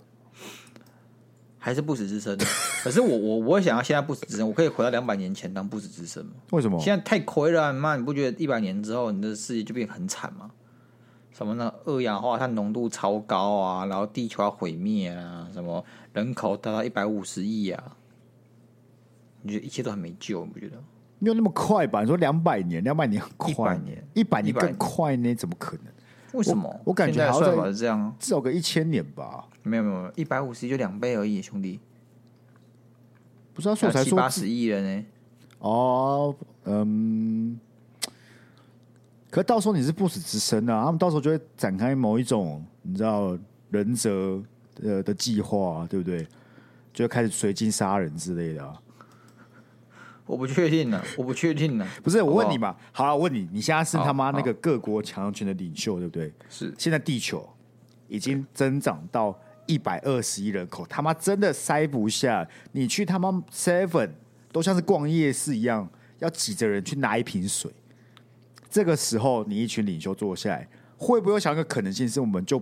還是不死之身？ 可是我我我想要現在不死之身，我可以回到兩百年前當不死之身嗎？為什麼？現在太虧了。啊，那你不覺得一百年之後你的世界就變很慘嗎？什麼呢？二氧化碳濃度超高啊，然後地球要毀滅啊，什麼人口達到一百五十億啊？你覺得一切都還沒救？我覺得沒有那麼快吧。你說兩百年，兩百年很快，年一百年更快呢？怎麼可能？為什麼？我，我感覺至好像算是這樣啊。至少個一千年吧。沒有沒有，一百五十就兩倍而已，兄弟。不是道、啊、說才七八十億人呢、欸。哦，嗯。可到時候你是不死之身呢、啊？他們到時候就會展開某一種你知道忍者呃的計劃、啊，對不對？就要開始隨機殺人之類的、啊。我不確定了，我不確定了。 不是我問你嘛？Oh. 好，我問你，你現在是他媽那個各國強權的領袖，oh. 對不對？是、oh.。現在地球已經增長到一百二十億人口，oh. 他媽真的塞不下。你去他媽 seven 都像是逛夜市一樣，要擠着人去拿一瓶水。這個時候，你一群領袖坐下來，會不會想個可能性是，我們就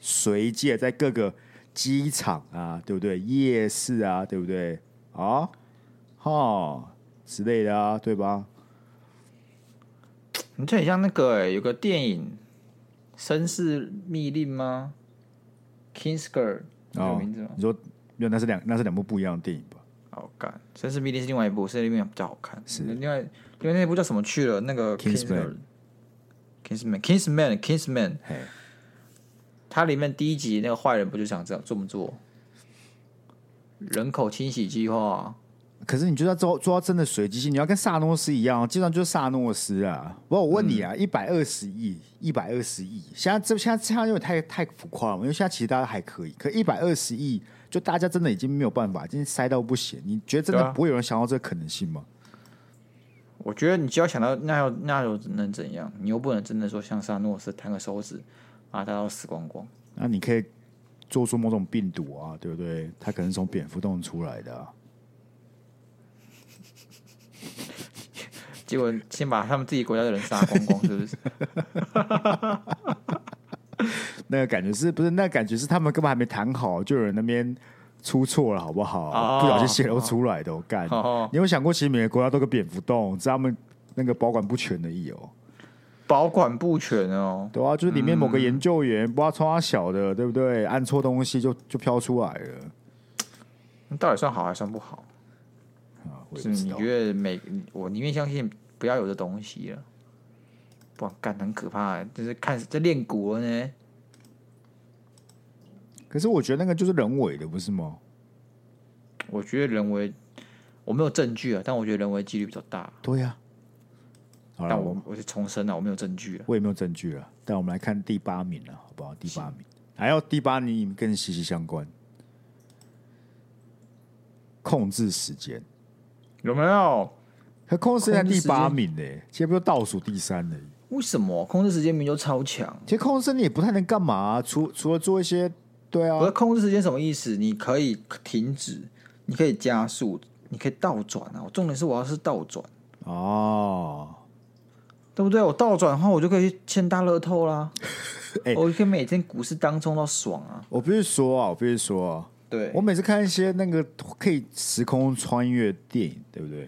隨機在各個機場啊，對不對？夜市啊，對不對？啊，哈。是的啊，對吧？你就很像那個、欸，有個電影《紳士密令》嗎？Kingsgirl，哦，名字嗎？你說，那是兩那是兩那是兩部不一樣的電影吧？好看，《紳士密令》是另外一部，是另外比較好看。是另外，另外那部叫什麼去了？那個 Kingsman，Kingsman，Kingsman，Kingsman，哎、hey，它裡面第一集那個壞人不就想這樣這麼做做？人口清洗計劃。可是你覺得做做到真的隨機性，你要跟薩諾斯一樣，基本上就是薩諾斯啊，不過我問你啊，一百二十億，一百二十億，現在這現在這樣有點太太浮誇了，因為現在其實大家還可以，可一百二十億，就大家真的已經沒有辦法，已經塞到不行。你覺得真的不會有人想到這個可能性嗎？啊。我覺得你只要想到，那又那又能怎樣？你又不能真的說像薩諾斯彈個手指啊，大家都死光光。那你可以做出某種病毒啊，對不對？他可能從蝙蝠洞出來的啊。結果先把他們自己國家的人殺光光，是不是？ 那個感覺是不是？那感覺是他們根本還沒談好，就有人那邊出錯了，好不好？哦、不小心泄露出來的、哦，我感覺。哦哦你有想過，其實每個國家都個蝙蝠洞，知道嗎？他們那個保管不全的也有？保管不全哦，對啊，就是裡面某個研究員挖窗，嗯、小的，對不對？按錯東西就就飄出來了、嗯，那到底算好還是算不好？啊、不是？你覺得每我寧願相信。不要有這東西了，哇，幹，很可怕的，就是看在練骨了呢。可是我覺得那個就是人為的，不是嗎？我覺得人為，我沒有證據啊，但我覺得人為幾率比較大。對呀、啊，但我我是重生了，我沒有證據了，我也沒有證據了。但我們來看第八名了，好不好？第八名還有第八名更息息相關，控制時間有沒有？控制在第八名呢，欸，其實不就倒數第三呢，欸，為什麼控制時間名就超強，啊？其實控制你也不太能幹嘛，啊，除除了做一些對啊。我說控制時間什麼意思？你可以停止，你可以加速，你可以倒轉啊。重點是我要是倒轉哦，對不對？我倒轉的話，我就可以去簽大樂透啦，啊。欸，我可以每天股市當中都爽啊！我不是說啊，我不是說啊，對我每次看一些那個可以時空穿越的電影，對不對？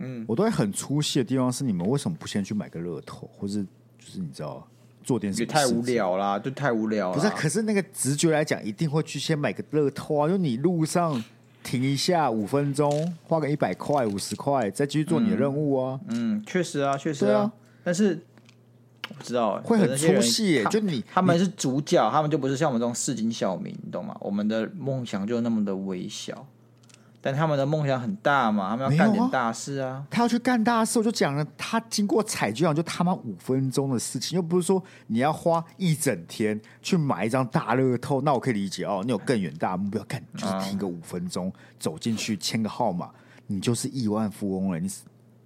嗯，我都會很出戲的地方是你們為什麼不先去買個樂透？或者就是你知道做點什麼事太無聊啦，就太無聊。不是，可是那個直覺來講，一定會去先買個樂透啊，因為你路上停一下五分鐘，花個一百塊、五十塊，再繼續做你的任務啊。嗯，嗯確實啊，確實啊。啊但是不知道會很出戲、欸，就你他，他們是主角，他們就不是像我們這種市井小民，你懂嗎？我們的夢想就那麼的微小。但他們的夢想很大嘛，他們要幹點、啊、大事啊！他要去幹大事，我就講了，他經過彩券行，就他媽五分鐘的事情，又不是說你要花一整天去買一張大樂透。那我可以理解哦，你有更遠大的目標，幹就是停個五分鐘、啊，走進去簽個號碼，你就是億萬富翁了，你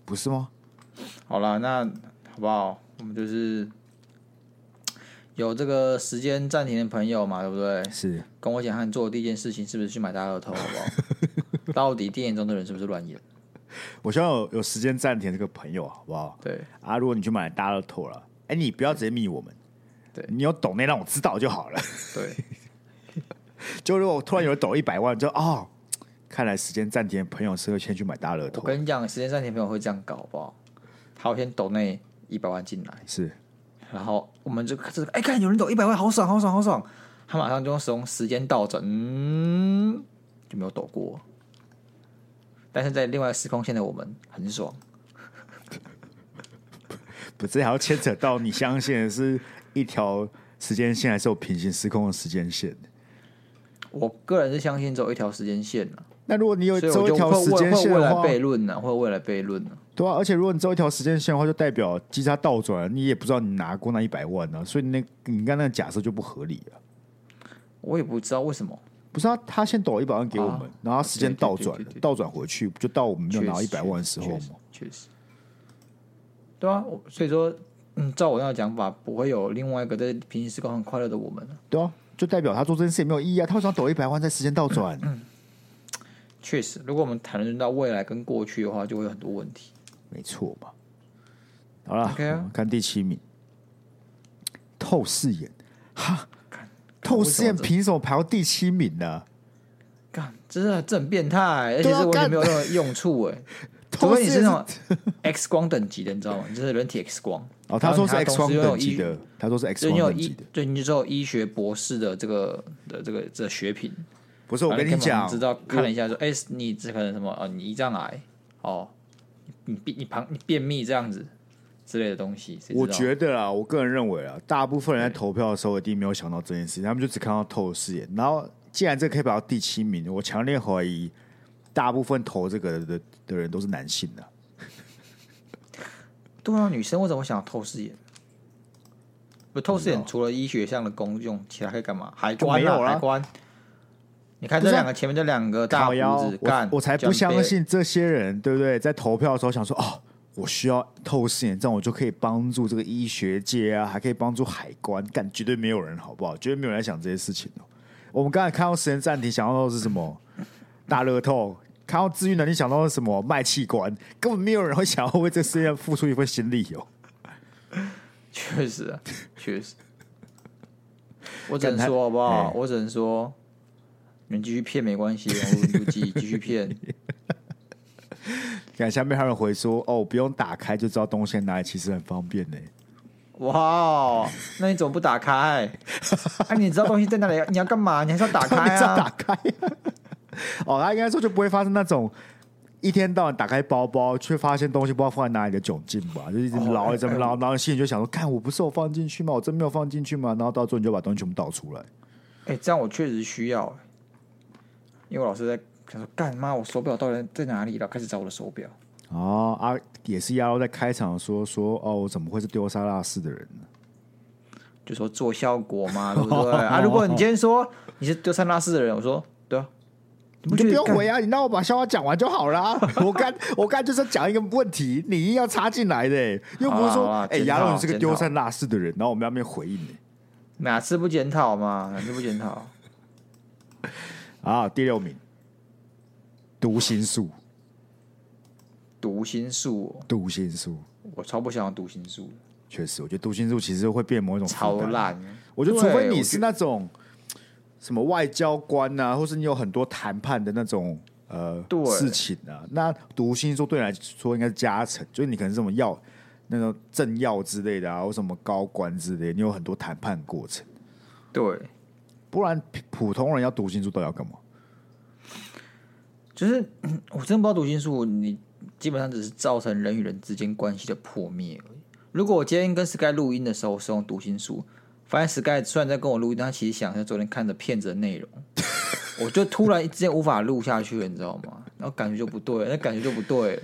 不是嗎？好了，那好不好？我們就是有這個時間暫停的朋友嘛，對不對？是。跟我講，你做的第一件事情是不是去買大樂透？ 好不好？ 到底電影中的人是不是亂演？我希望有有時間暫停這個朋友，好不好？對啊，如果你去買大樂透了，哎、欸，你不要直接密我們，對你有抖內讓我知道就好了。對， 就如果我突然有人抖一百萬，就哦，看來時間暫停的朋友是會先去買大樂透。我跟你講，時間暫停朋友會這樣搞，好不好？他會先抖內一百萬進來，是，然後我們就開始，哎、欸，看有人抖一百萬，好爽，好爽，好爽，好爽，他馬上就用使用時間倒轉，就沒有抖過。但是在另外時空線的我們很爽， 不，這還要牽扯到你相信是一條時間線， 還是有平行時空的時間線？我個人是相信走一條時間線的、啊。那如果你有走一條時間線的話，會未來悖論呢，會未來悖論呢、啊啊？對啊，而且如果你走一條時間線的話，就代表即使倒轉，你也不知道你拿過那一百萬呢、啊，所以那你剛剛那假設就不合理了、啊。我也不知道為什麼。不是他、啊，他先抖一百萬給我們，啊、然後他時間倒轉倒轉回去就到我們要拿一百萬的時候嘛。確實，實，實，實，對啊，所以說，嗯，照我那個講法，不會有另外一個在平行時空很快樂的我們了。對哦、啊，就代表他做這件事也沒有意義啊！他為什想抖一百萬間，在時間倒轉。確實，如果我們談論到未來跟過去的話，就會有很多問題。沒錯吧？好了、okay 啊，看第七名，透視眼，哈。透視眼憑什麼排到第七名呢？幹，真的，這很變態、啊，而且是完全沒有那種用處哎。除非你是那種 X 光等級的，你知道嗎？就是人體 X 光。哦，他說是 X 光有、e, 等級的。他說是 X 光等級對，有、e, 對，你就有醫學博士的這個的這個這學、個、品。不是，我跟你講，知道看了一下說，哎，你這可能什麼？哦，你胰臟癌哦，你便你旁你便秘這樣子。之類的東西，我覺得啊，我個人認為啊，大部分人在投票的時候一定沒有想到這件事情。他們就只看到透視眼。然後，既然這可以排到第七名，我強烈懷疑大部分投這個的的、的人都是男性的。對啊，女生為什麼會想要透視眼？不，透視眼除了醫學上的功用，其他可以幹嘛？海關啦，有啦，海關。你看這兩個前面這兩個大妖，我我才不相信這些人，對不對？在投票的時候想說哦。我需要透視眼，這樣我就可以幫助這個醫學界啊，還可以幫助海關，幹絕對沒有人，好不好？絕對沒有人來想這些事情喔。我們剛才看到時間暫停，想到的是什麼？大樂透，看到治癒能力想到的是什麼？賣器官，根本沒有人會想要為這個世界付出一份心力喲、喔。確實啊，確實。我只能說好不好？我只能說，你們繼續騙沒關係，我繼續繼續騙。 感下面，他們回說：“哦，不用打開就知道東西在哪裡，其實很方便呢、欸。”哇，那你怎麼不打開？哎、 啊，你知道東西在哪裡，你要幹嘛？你還是要打開啊？啊打開啊 哦，他、啊、應該說就不會發生那種一天到晚打開包包，却發現東西不知道放在哪裡的窘境，吧？就一直撈，怎麼撈？然後心裡就想說：“看、欸，我不是我放進去嗎？我真沒有放進去嗎？”然後到最後你就把東西全部倒出來。哎、欸，這樣我確實需要、欸，因為老師在。他說：“乾媽，我手錶到底在哪裡了？開始找我的手錶。”哦，啊，也是亞龍在開場說說：“哦，我怎麼會是丟三落四的人呢？”就說做效果嘛，對不對？哦、啊、哦，如果你今天說你是丟三落四的人，哦、我說對啊，你就不要回啊，你讓我把笑話講完就好啦。 我剛我剛就是講一個問題，你一定要插進來的、欸，又不是說哎，亞龍、啊啊欸、你是個丟三落四的人，然後我們後面回應你、欸，哪次不檢討嘛？哪次不檢討？ 啊，第六名。讀心術，讀心術，讀心術，我超不喜歡讀心術。確實，我覺得讀心術其實會變某一種超，超爛。我覺得，除非你是那種什麼外交官啊，或是你有很多談判的那種呃事情啊，那讀心術對你來說應該是加成。就是你可能是什麼要那種政要之類的啊，或什麼高官之類的，你有很多談判過程。對，不然普通人要讀心術都要幹嘛？就是我真的不知道讀心術，你基本上只是造成人與人之間關係的破滅而已。如果我今天跟 Sky 錄音的時候我是用讀心術，發現 Sky 雖然在跟我錄音，但他其實想着昨天看的片子的內容， 我就突然之間無法錄下去了，你知道嗎？然後感覺就不對，那感覺就不對。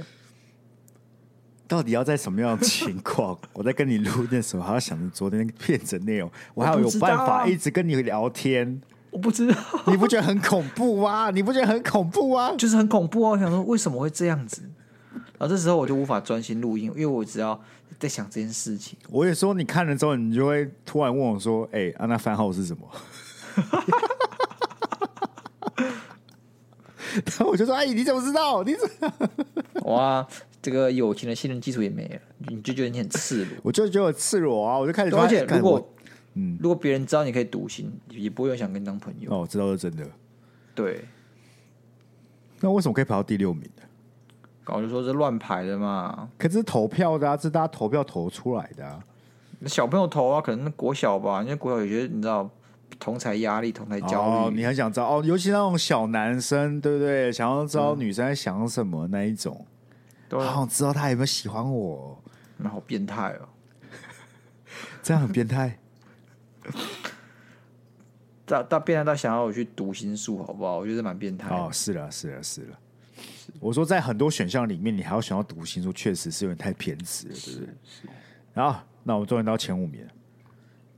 到底要在什麼樣的情況， 我在跟你錄音的時候還要想着昨天片子的內容，我，我還要有，有辦法一直跟你聊天？我不知道， 你不覺得很恐怖嗎？你不覺得很恐怖嗎？就是很恐怖啊！我想說為什麼會這樣子，然後這時候我就無法專心錄音，因為我只要在想這件事情。我也說，你看了之後，你就會突然問我說：“哎、欸啊，那番號是什麼？” 然後我就說：“阿、欸、姨，你怎麼知道？你怎麼 ？”哇，這個友情的信任基礎也沒了，你就覺得你很赤裸， 我就覺得我赤裸啊，我就開始發現，如果。嗯，如果別人知道你可以讀心，也不會想跟你當朋友。哦，我知道是真的。對。那為什麼可以排到第六名的、啊？搞就說這亂排的嘛。可是投票的啊，這是大家投票投出來的啊。小朋友投啊，可能國小吧，因為國小有些你知道同儕壓力、同儕焦慮、哦。哦，你很想知道哦，尤其那種小男生，對不對？想要知道女生在想什麼、嗯、那一種。他、啊、好想知道他有沒有喜歡我。那、嗯、好變態哦。這樣很變態。 到到變態到想要我去讀心術，好不好？我覺得蠻變態。哦，是了，是了，是了。是我說在很多選項裡面，你還要想要讀心術，確實是有點太偏執了是，對不對是。然後，那我們終於到前五名。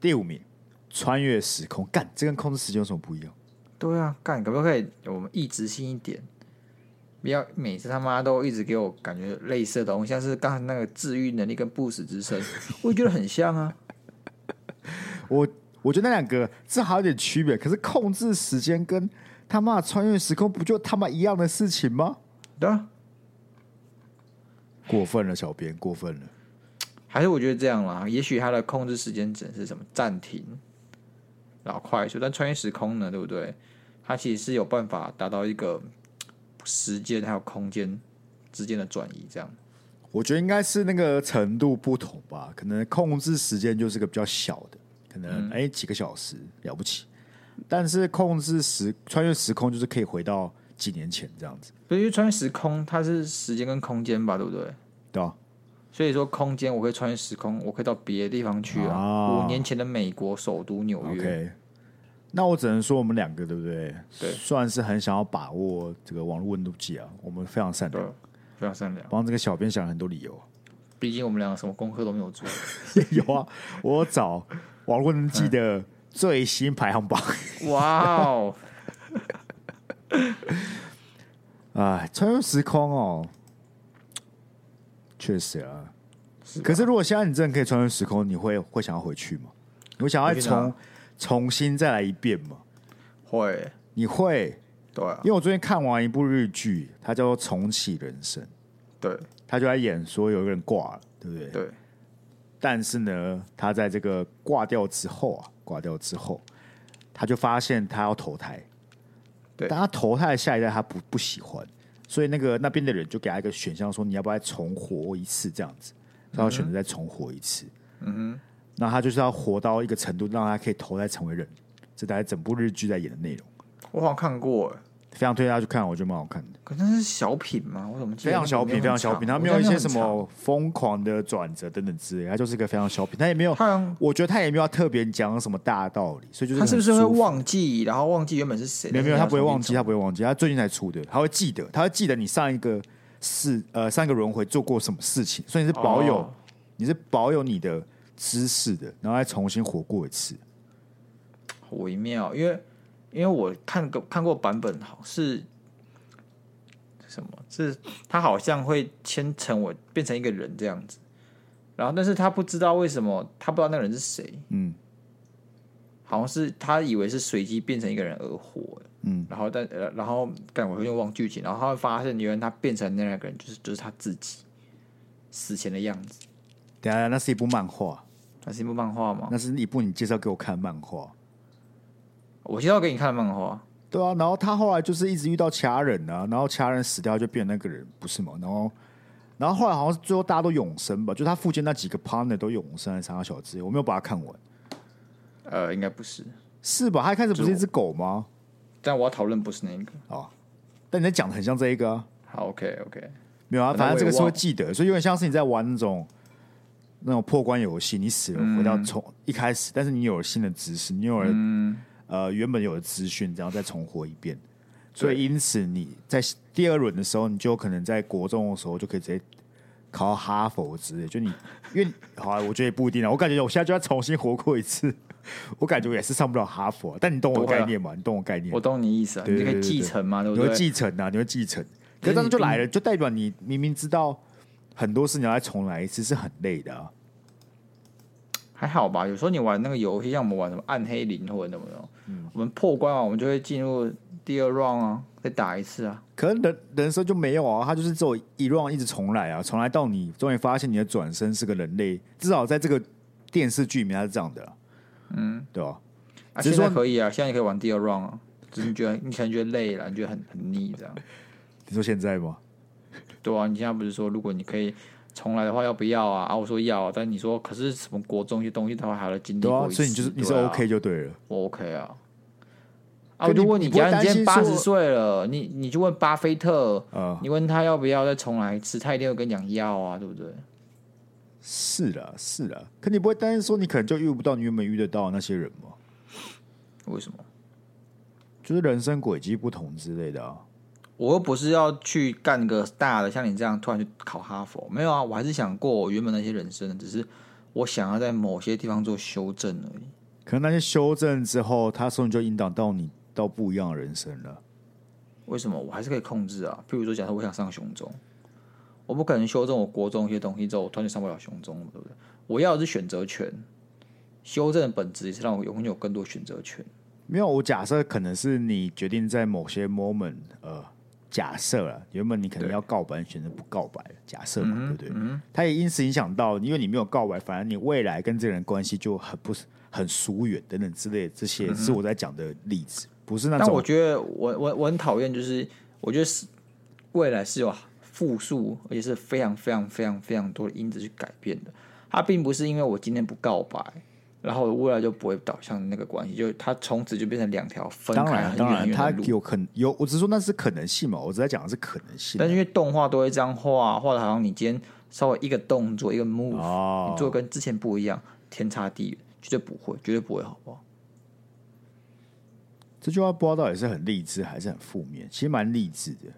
第五名，穿越時空、嗯，幹，這跟控制時間有什麼不一樣？對啊，幹，可不可以我們一直信一點？不要每次他媽都一直給我感覺類似的，東西，像是剛才那個治癒能力跟不死之身， 我也覺得很像啊。 我。我覺得那兩個這還有點區別，可是控制時間跟他媽的穿越時空不就他媽一樣的事情嗎？對啊。過分了，小編過分了。還是我覺得這樣啦，也許他的控制時間只能是什麼暫停，然後快速，但穿越時空呢，對不對？他其實是有辦法達到一個時間還有空間之間的轉移。這樣，我覺得應該是那個程度不同吧，可能控制時間就是個比較小的。可能哎、欸、幾個小時了不起，但是控制時穿越時空就是可以回到幾年前這樣子。所以穿越時空，它是時間跟空間吧，對不對？對啊，所以說空間我可以穿越時空，我可以到別的地方去啊，啊。五年前的美國首都紐約。Okay. 那我只能說，我們兩個對不對？對，算是很想要把握這個網絡溫度計啊。我們非常善良，非常善良，幫這個小編想了很多理由。畢竟我們兩個什麼功課都沒有做。 有啊，我找。 《寶問記》的最新排行榜，嗯，哇哦！啊，穿越時空哦，確實啊。是可是，如果現在你真的可以穿越時空，你會會想要回去嗎？你會想要再重重新再來一遍嗎？會，你會？對、啊，因為我最近看完一部日劇，它叫做《重啟人生》，對，它就在演說有一個人掛了，對不對？對。但是呢，他在這個掛掉之後啊，掛掉之後，他就發現他要投胎，對，但他投胎的下一代他不不喜歡，所以那個那邊的人就給他一個選項說，說你要不要再重活一次這樣子，他、嗯、要選擇再重活一次，嗯哼，那他就是要活到一個程度，讓他可以投胎成為人，這大概整部日劇在演的內容。我好像看過、欸。非常推薦大家去看，我覺得蠻好看的。可是那是小品嘛？我怎麼記得，非常小品，非常小品，它、那個、沒,沒有一些什麼瘋狂的轉折等等之類，它就是一個非常小品。它也沒有，他我覺得它也沒有要特別講什麼大道理，所以就是。他是不是會忘記？然後忘記原本是誰？沒有沒他,他不會忘記，他不會忘記，他最近才出的，他會記得，他會記得你上一個世呃上一個輪回做過什麼事情，所以你是保有、哦，你是保有你的知識的，然後再重新活過一次。微妙，因為。因為我看過看過版本，好像是什麼？是他好像會牽扯我變成一個人這樣子，然後但是他不知道為什麼，他不知道那個人是誰。嗯，好像是他以為是隨機變成一個人而活。嗯，然後但、呃、然後但我會又忘劇情，然後他會發現原來他變成那個人，就是就是他自己死前的樣子。等下，那是一部漫畫，那是一部漫畫嗎？那是一部你介紹給我看的漫畫。我就要給你看漫畫。對啊，然後他後來就是一直遇到其他人啊，然後其他人死掉就變那個人，不是嗎？然後，然後後來好像最後大家都永生吧，就他附近那幾個 partner 都永生。三個小子，我沒有把他看完。呃，應該不是，是吧？他一開始不是一隻狗嗎？但我要討論不是那一個哦、啊、但你在講的很像這一個、啊。好，OK，OK、okay okay。沒有啊，反正這個是會記得，所以有點像是你在玩那種那種破關遊戲，你死了回到從一開始，但是你有了新的知識，你有了、嗯。呃，原本有的資訊，然後再重活一遍，所以因此你在第二輪的時候，你就可能在國中的時候就可以直接考哈佛之類。就你，因為 好、啊，我覺得也不一定啊。我感覺我現在就要重新活過一次，我感覺我也是上不了哈佛、啊。但你懂我概念嗎、啊？你懂我概念？我懂你意思、啊對對對對，你可以繼承嘛對對？你會繼承啊，你會繼承？可是當時就來了，就代表你明明知道很多事你要再重來一次是很累的、啊。還好吧，有時候你玩那個遊戲，像我們玩什麼《暗黑靈魂》那種，嗯，我們破關啊，我們就會進入第二 round 啊，再打一次啊。可能人人生就沒有啊，他就是走一 round 一直重來啊，重來到你終於發現你的轉身是個人類。至少在這個電視劇裡面他是這樣的、啊，嗯，對啊，其實說、啊、可以啊，現在你可以玩第二 round 啊。只是覺得你可能覺得累了、啊，你覺得很很膩這樣。你說現在嗎？對啊，你現在不是說如果你可以？重來的話要不要啊？啊，我說要，啊，但你說可是什麼國中一些東西，他還要經歷過、啊、所以你就是你說 OK 就對了，我 OK 啊。你啊，我就問你，你假如你今天八十歲了，你你就問巴菲特，哦，你問他要不要再重來一次，他一定會跟你講要啊，對不對？是啦，是啦，可你不會擔心說你可能就遇不到你原本遇得到那些人嗎？為什麼？就是人生軌跡不同之類的啊。我又不是要去幹個大的，像你這樣突然去考哈佛，沒有啊，我還是想過我原本那些人生，只是我想要在某些地方做修正而已。可能那些修正之後，它，所以就引導到你到不一樣的人生了。為什麼？我還是可以控制啊。譬如說，假設我想上雄中，我不可能修正我國中一些東西之後，我突然就上不了雄中了，對不對？我要的是選擇權。修正的本質也是讓我擁有更多選擇權。沒有，我假設可能是你決定在某些 moment 呃。假設了，原本你可能要告白，你選擇不告白，假設嘛，對不對？嗯嗯、他也因此影響到，因為你沒有告白，反而你未來跟這個人關係就很不很疏遠等等之類，這些是我在講的例子，嗯，不是那種。但我覺得我，我我我很討厭，就是我覺得是未來是有複數，而且是非常非常非常非常多的因子去改變的，它並不是因為我今天不告白。然後未來就不會導向那個關係，就它從此就變成兩條分開很遠的路。當然，當然，當然，它有可能有，我只是說那是可能性嘛，我只在講的是可能性。但是因為動畫都會這樣畫，畫的好像你今天稍微一個動作一個 move，哦、你做跟之前不一樣，天差地遠，絕對不會，絕對不會，好不好？這句話不知道到底是很勵志，還是很負面？其實蠻勵志的。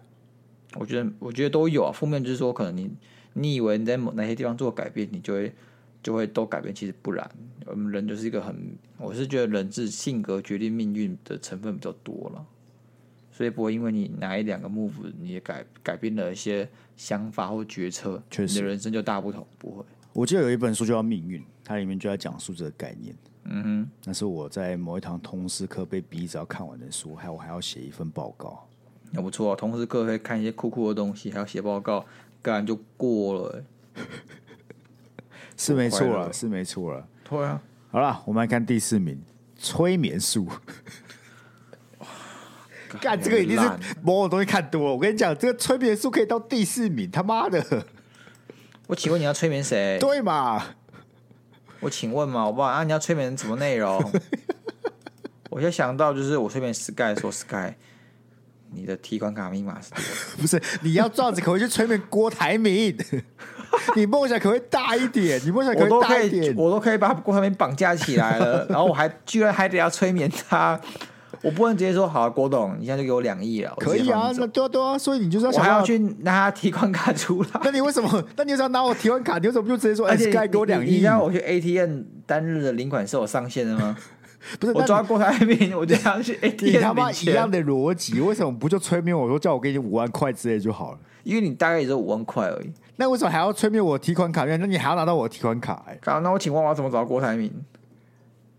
我覺得，我覺得都有啊。負面就是說，可能你你以為你在某哪些地方做改變，你就會。就會都改變，其實不然。我們人就是一個很，我是覺得人是性格決定命運的成分比較多了，所以不會因為你哪一兩個 move 你也改改變了一些想法或決策，確實，你的人生就大不同。不會。我記得有一本書叫《命運》，它裡面就在講述這個的概念。嗯哼。那是我在某一堂通識課被逼着要看完的書，還有我還要寫一份報告。那不錯啊，通識課會看一些酷酷的東西，還要寫報告，當然就過了、欸。 是沒錯了，是沒錯了，了，了。對啊，好了，我們來看第四名，催眠術。幹 這個一定是某種東西看多了、那個。我跟你講，這個催眠術可以到第四名，他媽的！我請問你要催眠誰？對嘛？我請問嘛，我不知道，啊，你要催眠什麼內容？ 我就想到就是我催眠 Sky 說 Sky，你的提款卡密碼是？ 不是？你要這樣子可以去催眠郭台銘。 你夢想可會大一點，你夢想可會大一點，我都可以，都可以把郭台銘綁架起來了， 然後我還居然還得要催眠他，我不能直接說好，啊，郭董，你現在就給我兩億了，可以啊，那麼多多，所以你就說，我還要去拿他提款卡出來，那你為什麼？那你有要拿我提款卡？你為什麼不就直接說？ 而且給我兩億，你讓我去 ATM 單日的領款是我上限的嗎？ 不是，我抓郭台銘，我這樣去 ATM 你一樣的邏輯，為什麼不就催眠我，我說叫我給你五萬塊之類就好了？ 因為你大概也就五萬塊而已。那為什麼還要催眠我提款卡面？那你還要拿到我提款卡哎、欸啊？那我請問我要怎麼找郭台銘？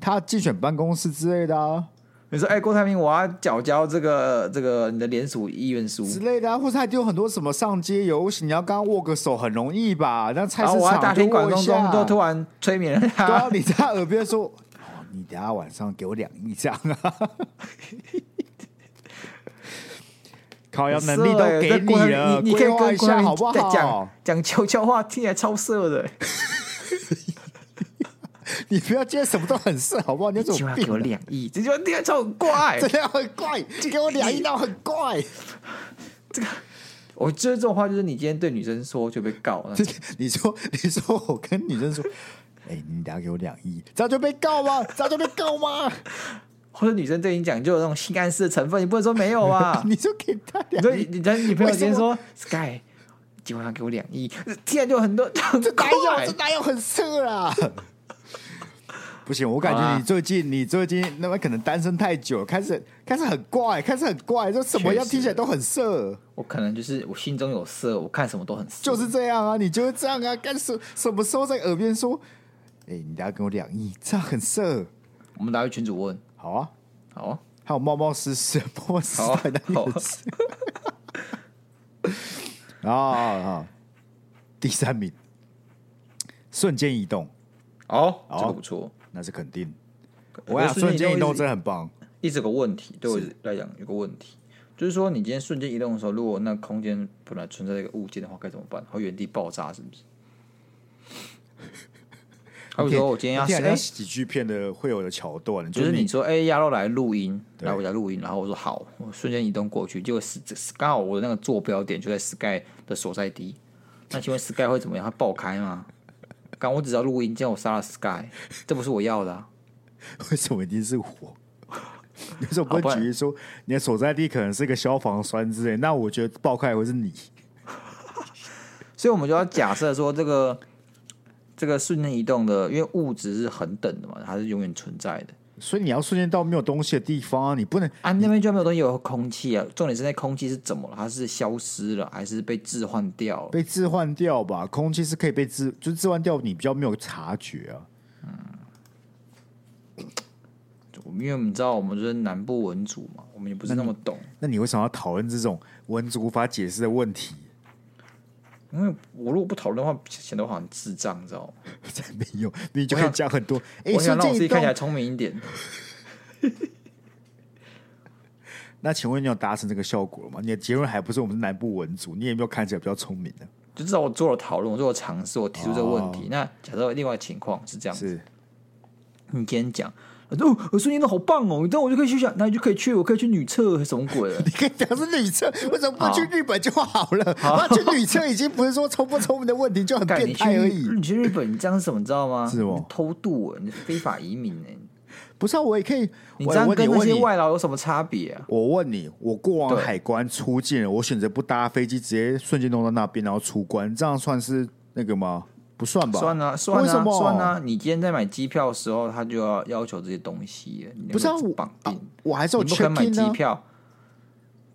他競選辦公室之類的啊。你說，哎、欸，郭台銘，我要繳交這個這個你的連署意願書之類的啊，或者他丟很多什麼上街遊行，你要跟他握個手很容易吧？那菜市場、大庭廣眾中都突然催眠他，然後、啊、你在他耳邊說、 哦：“你等下晚上給我兩億張啊。 ”考搖能力都給你了，是是、欸你了你，你你可以一下好不好講？講悄悄話，聽起來超色的、欸。 你不要覺得什麼都很色，好不好？你這種病就要給我兩億，你就要聽起來很怪，聽起很怪，就給我兩億，那很怪。這個，我覺得這種話，就是你今天對女生說就被告了。你說，你說我跟女生說，哎、 欸，你等下給我兩億，這樣就被告嗎？這樣就被告嗎？ 或者女生對你講就有那種性暗示的成分，你不能說沒有啊？ 你就給他，你說你在女朋友先說 Sky，今晚要給我兩億，突然就很多，很這哪有這哪有很色啊！ 不行，我感覺你最近、啊、你最近那麼可能單身太久，開始開始,開始很怪，開始很怪，就什麼樣聽起來都很色。我可能就是我心中有色，我看什麼都很色，就是這樣啊！你就是這樣啊？幹什什麼時候在耳邊說？誒、欸，你等下給我兩億，這樣很色。我們拿去群主問。好啊，好啊，還有冒冒失失，冒冒失失，好啊，好啊，好啊，好啊，第三名，瞬間移動，好、啊好啊，這個不錯，那是肯定，啊、我覺得瞬間移，移動真的很棒。一直有一個問題，對我來講有個問題，就是說你今天瞬間移動的時候，如果那空間本來存在一個物件的話，該怎麼辦？會原地爆炸是不是？Okay，比如說，我今天要哎，喜劇片的會有的橋段，就是你說哎，亞、欸、洛來錄音，來我家錄音，然後我說好，我瞬間移動過去，結果就剛好我的那個坐標點就在 Sky 的所在地。那請問 Sky 會怎麼樣？它爆開嗎？剛我只知道錄音，叫我殺了 Sky，這不是我要的、啊。為什麼一定是我？你 說我們舉例說，你的所在地可能是一個消防栓之類，那我覺得爆開會是你。 所以我們就要假設說這個。這個瞬間移動的，因為物質是恆等的嘛，它是永遠存在的，所以你要瞬間到沒有東西的地方，啊，你不能啊，那邊就沒有東西，有空氣啊。重點是那空氣是怎麼了，它是消失了，還是被置換掉了？被置換掉吧，空氣是可以被置，就是置換掉，你比較沒有察覺啊。嗯，因為我們知道我們就是南部文組嘛，我們也不是那麼懂。那你，那你為什麼要討論這種文組無法解釋的問題？因為我如果不討論的話，顯得我好像智障，你知道嗎？真 沒用，你就可以講很多我、欸。我想讓我自己看起來聰明一點。欸、 那請問你有達成這個效果了嗎？你的結論還不是我們是南部文組，你有沒有看起來比較聰明的、啊？就至少我做了討論，我做了嘗試，我提出這個問題。哦、那假設另外情況是這樣子，是你今天講。哦，我說你那好棒哦，你知道我就可以去想，那你就可以去，我可以去女廁什麼鬼、啊？你可以講是女廁，為什麼不去日本就好了？好好啊、去女廁已經不是說聰不聰明的問題，就很變態而已你。你去日本，你這樣是什麼你知道嗎？是哦，偷渡、欸，你非法移民呢、欸？不是，啊，我也可以。你這樣跟那些外勞有什麼差別、啊？我問你，我過往海關出境，我選擇不搭飛機，直接瞬間弄到那邊，然後出關，這樣算是那個嗎？不算吧，算啊，算啊，算啊！你今天在買機票的時候，他就要要求這些東西，不是綁定。啊，我還是有 check in 呢。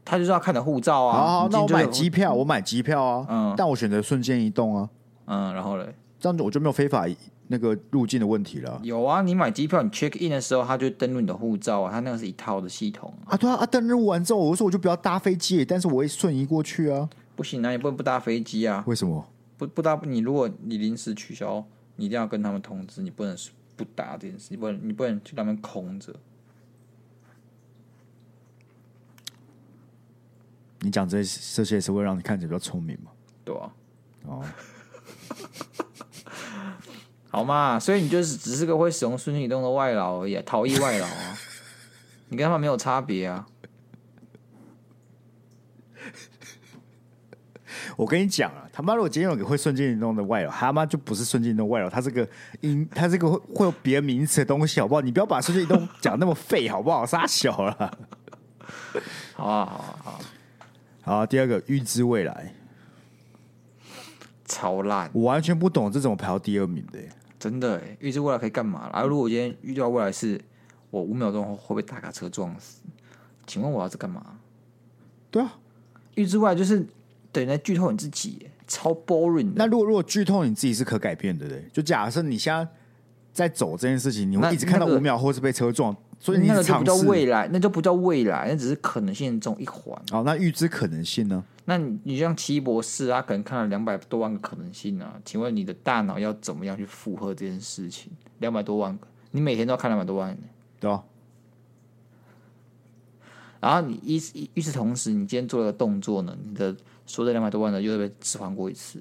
他就是要看的護照啊。好，好，你，那我買機票，我買機票啊。嗯，但我選擇瞬間移動啊。嗯，然後嘞，這樣我就沒有非法那個入境的問題了。有啊，你買機票，你 check in 的時候，他就登錄你的護照啊。他那個是一套的系統啊。啊對啊，啊，登錄完之後，我就說我就不要搭飛機，但是我會瞬移過去啊。不行啊，你不能不搭飛機啊。為什麼？不不打，你如果你臨時取消，你一定要跟他們通知，你不能不打這件事，你不能你不能去那邊空着。你講這這些是會讓你看起來比較聰明嘛？對啊。哦、oh. 好嘛，所以你就是只是個會使用瞬間移動的外勞而已，啊，逃逸外勞啊， 你跟他們沒有差別啊。我跟你講啊，他媽！如果今天有個會瞬間移動的外勞，他媽就不是瞬間移動的外勞，他這個音，他這個會會有別名詞的東西好不好？你不要把瞬間移動講那麼廢好不好？殺小啦！好、啊、好、啊好，啊、好，好第二個預知未來，超爛！我完全不懂這怎麼排到第二名的，欸。真的，欸，預知未來可以幹嘛？然後啊，如果我今天預知未來是我五秒鐘後會被大卡車撞死，請問我要這幹嘛？對啊，預知未來就是。對，那劇透你自己超 boring。那如果如果劇透你自己是可改變，對不對？就假設你現在在走這件事情，你會一直看到五秒後，或是被車撞，那那個、所以你、嗯、那個就不叫未來，那就不叫未來，那只是可能性中一環。好、哦，那預知可能性呢？那你你像奇異博士啊，可能看到兩百多萬個可能性啊？請問你的大腦要怎麼樣去負荷這件事情？兩百多萬個，你每天都要看兩百多萬？對啊。然後你一與此同時，你今天做了個動作呢，你的。說這兩百多萬的又被置換過一次，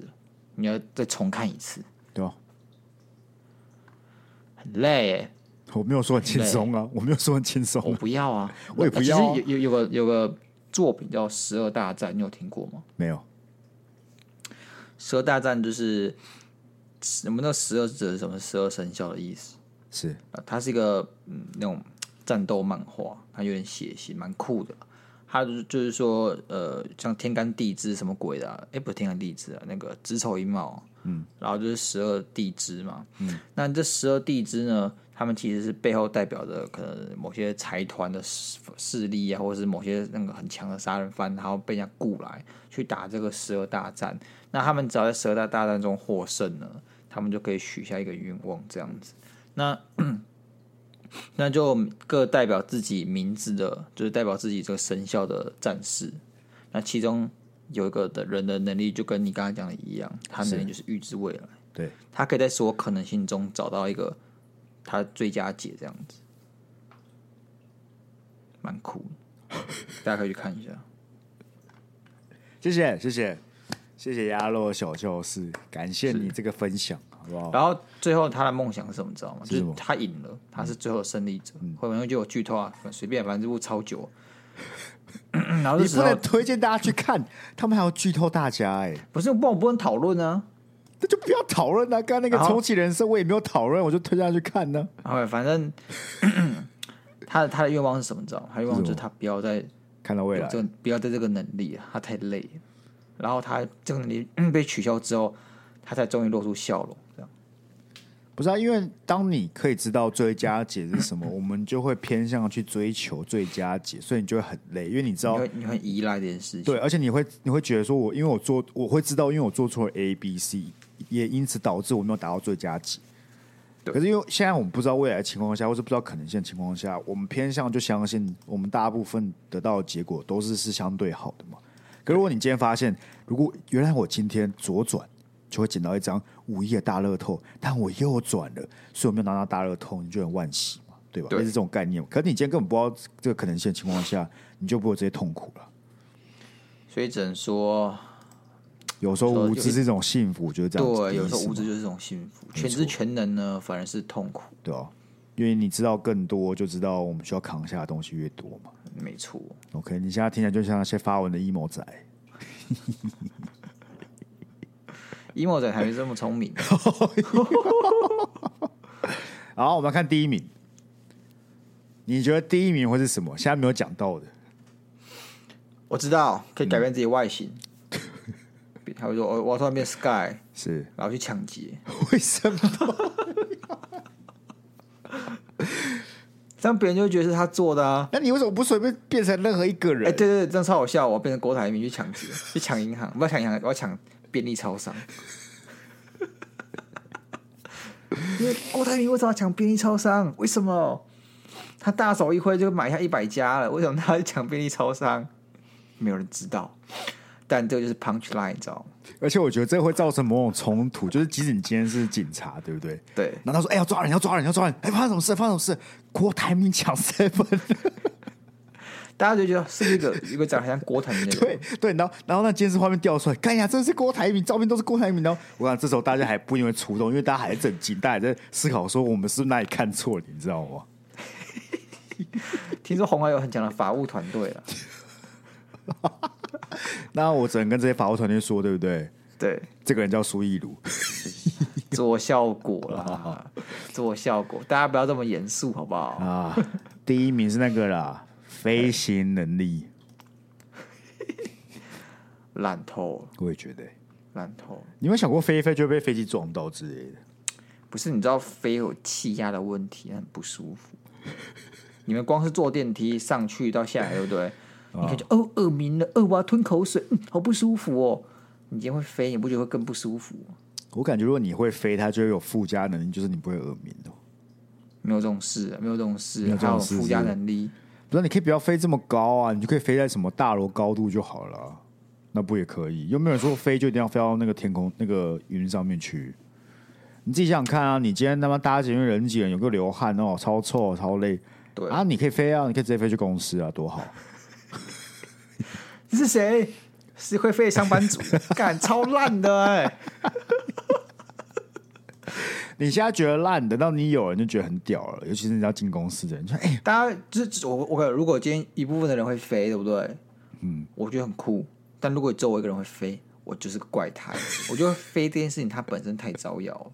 你要再重看一次，對啊，很累耶，欸。我沒有說很輕鬆啊，我沒有說很輕鬆啊。我不要啊，我也不要，啊有。有有有個有個作品叫《十二大戰》，你有聽過嗎？沒有，《十二大戰》就是什麼？那十二指的什麼？十二生肖的意思，是它是一個嗯那種戰鬥漫畫，它有點血腥，蠻酷的。他就是說，呃，像天干地支什麼鬼的啊，哎，不是天干地支啊，那個子丑寅卯，嗯，然後就是十二地支嘛，嗯，那這十二地支呢，他們其實是背後代表着可能某些財團的勢力啊，或者是某些那個很強的殺人犯，然後被人家雇來去打這個十二大戰。那他們只要在十二大，大戰中獲勝呢，他們就可以許下一個願望這樣子。那那就各代表自己名字的，就是代表自己這個生肖的戰士。那其中有一個的人的能力，就跟你剛才講的一樣，他能力就是預知未來。對，他可以在所有可能性中找到一個他最佳解，這樣子，蠻酷的。 大家可以去看一下。謝謝謝謝謝謝鴨肉小教、就、士、是，感謝你這個分享。Wow. 然後最後他的夢想是什麼？你知道嗎？是就是他贏了，他是最後的勝利者。後、嗯、面就有劇透啊，隨便，反正這部超久、啊。 然後就你不能推薦大家去看，嗯、他們還要劇透大家哎、欸。不是，我不不能討論啊。那就不要討論啊！剛剛那個重啟人生，我也沒有討論，我就推下去看呢、啊。然後，反正 他的他的願望是什麼？你知道？他願望就是他不要再看到未來，就、這個、不要再這個能力、啊，他太累。然後他這個能力被取消之後，他才終於露出笑容。不知道、啊，因為當你可以知道最佳解是什麼， 我們就會偏向去追求最佳解，所以你就會很累，因為你知道你很依賴這件事情。對，而且你會你會覺得說，我因為我做，我會知道，因為我做錯了 A、B、C，也因此導致我沒有達到最佳解。對。可是因為現在我們不知道未來的情況下，或是不知道可能性的情況下，我們偏向就相信，我們大部分得到的結果都是是相對好的嘛。可是如果你今天發現，如果原來我今天左轉就會撿到一張。五億的大樂透，但我又轉了，所以我沒有拿到大樂透，你就很惋惜嘛，對吧？也是這種概念。可是你今天根本不知道這個可能性的情況下，你就不會有這些痛苦了。所以只能說，有時候無知是一種幸福，就是這樣子我。對，有時候無知就是一種、種幸福。全知全能呢，反而是痛苦，對吧、啊？因為你知道更多，就知道我們需要扛下的東西越多嘛。沒錯。OK，你現在聽起來就像那些發文的陰謀仔。 emo 仔還沒這麼聰明、欸。 好，我們來看第一名，你覺得第一名會是什麼？現在沒有講到的，我知道可以改變自己外形，嗯、 比如說我我突然變 sky 是，然後去搶劫，為什麼？這樣別 人就會覺得是他做的啊？那你為什麼不隨便變成任何一個人？哎、欸，對對對，這樣超好笑！我變成郭台銘去搶劫，去搶銀行， 行，我要搶銀行，我要搶。便利超商， 因為郭台銘為什麼要搶便利超商？為什麼他大手一揮就買下一百家了？為什麼他要搶便利超商？沒有人知道，但這個就是 punch line，你知道嗎？而且我覺得這會造成某種衝突，就是即使你今天是警察，對不對？對。那他說：“哎、欸，要抓人，要抓人，要抓人！哎、欸，發生什麼事？發生什麼事？郭台銘搶 seven。 ”大家就覺得是，不是一個一個長得很像郭台銘的、那個，對對，然後然後那監視畫面掉出來，看一下，這是郭台銘，照片都是郭台銘。然後我講，這時候大家還不因為觸動，因為大家還在震驚，大家還在思考，說我們是不是哪裡看錯了，你知道嗎？ 聽說鴻海有很強的法務團隊了， 那我只能跟這些法務團隊說，對不對？對，這個人叫蘇一如， 做效果了，做效果，大家不要這麼嚴肅，好不好？啊，第一名是那個啦。飛行能力，爛透了，我也覺得爛透了。你有沒有想過飛一飛就會被飛機撞到之類的？不是，你知道飛有氣壓的問題，很不舒服。 你們光是坐電梯上去到下來，對不對？ 你感覺哦，哦，耳鳴了，二哇，吞口水，嗯，好不舒服哦。你今天會飛，你不覺得會更不舒服？我感覺如果你會飛，它就會有附加能力，就是你不會耳鳴的。沒有這種事，啊，沒有這種事，還有附加能力。那你可以不要飛這麼高啊，你就可以飛在什麼大樓高度就好了，那不也可以？又沒有人說飛就一定要飛到那個天空那個雲上面去？你自己想想看啊，你今天他媽搭捷運人擠人有個流汗哦，超臭超累，對啊，你可以飛啊，你可以直接飛去公司啊，多好！你 是誰？是會飛的上班族？幹， 超爛的哎、欸！ 你現在覺得爛，等到你有人就覺得很屌了。尤其是你要進公司的人，人、哎，大家，就是我，我如果今天一部分的人會飛，對不對？嗯，我覺得很酷。但如果你周圍一個人會飛，我就是怪胎。 我覺得飛這件事情，它本身太招搖。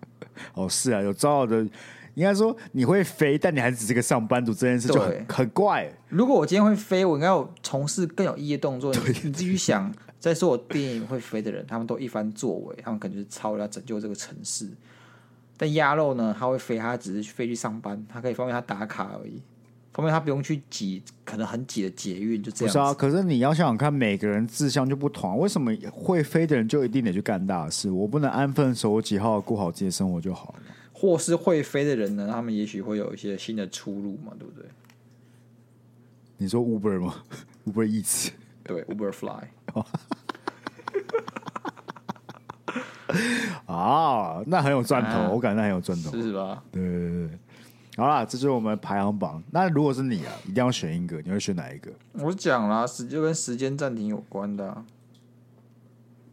哦，是啊，有招搖的，應該說你會飛，但你還只是個上班族，這件事就很，很怪。如果我今天會飛，我應該有從事更有意義的動作。你自己想。再說，我電影會飛的人， 他們都一番作為，他們肯定是超要拯救這個城市。但鴨肉呢？它會飛，它只是去飛去上班，它可以方便它打卡而已，方便它不用去擠可能很擠的捷運，就這樣。是啊，可是你要想想看，每個人志向就不同，為什麼會飛的人就一定得去幹大事？我不能安分守己，好好過好自己的生活就好了。或是會飛的人呢？他們也許會有一些新的出路嘛，對不對？你說 Uber 嗎？Uber Eats，對，Uber Fly。 啊、哦，那很有賺頭，啊，我感覺那很有賺頭。是吧？對，對，對，好啦，這就是我們排行榜。那如果是你啊，一定要選一個，你會選哪一個？我講啦，就跟時間暫停有關的，啊。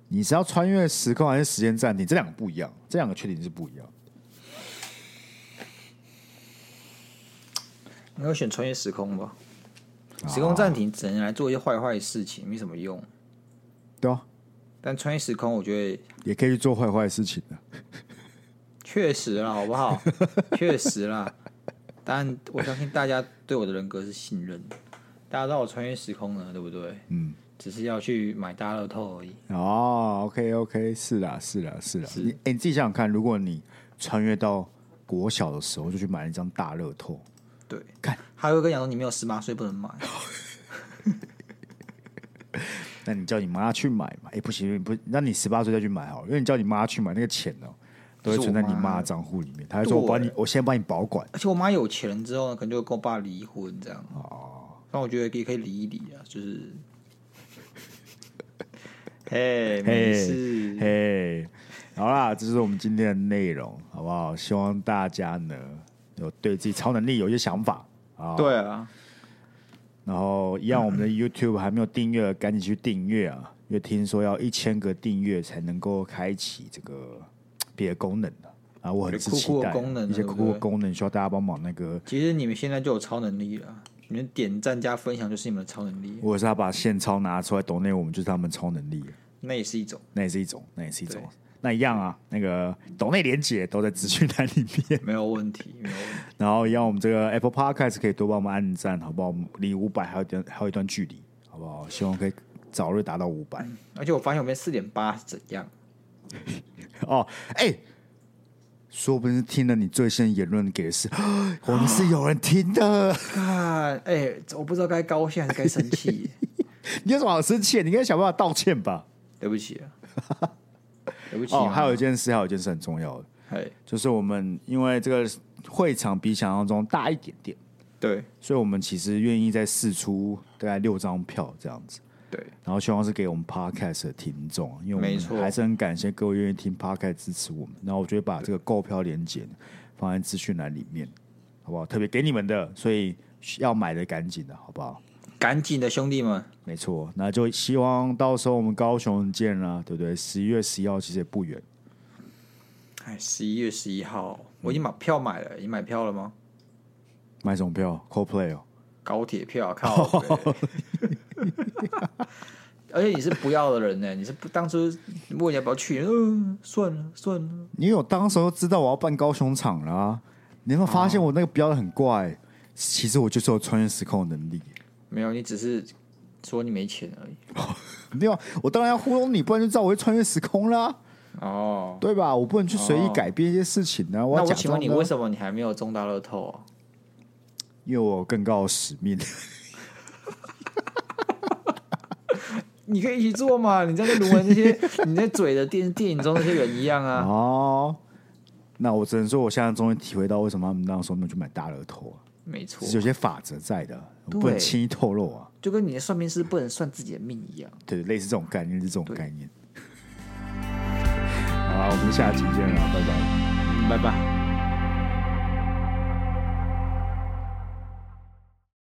你是要穿越時空，還是時間暫停？這兩個不一樣，這兩個確定是不一樣。你要選穿越時空吧，啊。時空暫停只能來做一些壞壞的事情，沒什麼用。對啊。但穿越時空，我覺得也可以去做壞壞事情的。確實啦，好不好？確實啦。但我相信大家對我的人格是信任的。大家知道我穿越時空了，對不對？嗯。只是要去買大樂透而已哦。哦，okay，OK，OK，okay，是啦，是啦，是啦。是。你、欸，你自己想想看，如果你穿越到國小的時候，就去買一張大樂透。對。看，還會跟你講說你沒有十八歲不能買。 那你叫你媽去買嘛。哎、欸，不行，不行，那你十八歲再去買好，因為你叫你媽去買那個錢呢、喔，都會存在你媽的賬戶裡面。她還說我幫：“我幫你，我先幫你保管。”而且我媽有錢之後呢，可能就會跟我爸離婚這樣。哦，那我覺得也可以離一離啊，就是，嘿 ，hey, 沒事 hey, hey，好啦，這是我們今天的內容，好不好？希望大家呢，有對自己超能力有一些想法啊。對啊。然後，一樣，我們的 YouTube 還沒有訂閱，趕緊去訂閱啊！因為聽說要一千個訂閱才能夠開啟這個別的功能的啊，啊，我很是期待、啊、一些酷酷的功能，需要大家幫忙。那個，其實你們現在就有超能力了，你們點讚加分享就是你們的超能力。我是要把現鈔拿出來，懂那我們就是他們超能力，那也是一種，那也是一種，那也是一種。那一樣啊，那個鬥內連結都在資訊欄裡面，沒有問題。問題 然後讓我們這個 Apple Podcast 可以多幫我們按讚，好不好？我們離五百還有點，還有一段距離，好不好？希望可以早日達到五百、嗯。而且我發現我們四點八是怎樣？ 哦，哎、欸，說不定是聽了你最新言論給的是，我、啊、們、哦、是有人聽的。哎、哦欸，我不知道該高興還是該生氣。 你有什麼好生氣？你應該想辦法道歉吧。對不起啊。 啊、哦，還有一件事，還有一件事很重要的，哎，就是我們因為這個會場比想象中大一點點，對，所以我們其實願意再試出大概六張票這樣子，對，然後希望是給我們 podcast 的聽眾，因為沒錯，還是很感謝各位願意聽 podcast 支持我們，然後我就會把這個購票連結放在資訊欄裡面，好不好？特別給你們的，所以要買的趕緊的，好不好？趕緊的，兄弟們！沒錯，那就希望到時候我們高雄見啦，對不對？十一月十一號其實也不遠。哎，十一月十一號，我已經把票買了。你買票了嗎？買什麼票？Coldplay 哦，高鐵票。靠！哦、 而且你是不要的人呢、欸，你是不，當初問你要不要去，嗯，算了算了。因為我當時候知道我要辦高雄場了、啊，你有沒有發現我那個標的很怪、欸哦？其實我就是有穿越時空的能力。沒有，你只是說你沒錢而已。 沒有，我當然要糊弄你，不然就知道我會穿越時空啦。哦、oh.，對吧？我不能去隨意改變一些事情、啊 oh. 呢。那我請問你，為什麼你還沒有中大樂透、啊、因為我更高的使命。 你可以一起做嘛？你那盧文那些， 你在嘴的電 電影中的那些人一樣啊。哦、oh.，那我只能說，我現在終於體會到為什麼他們當時候沒有去買大樂透、啊。沒錯，是有些法則在的。不能輕易透露啊，就跟你的算命師不能算自己的命一樣。對，類似這種概念是這種概念。好，我們下期見啦，拜拜，嗯、拜拜。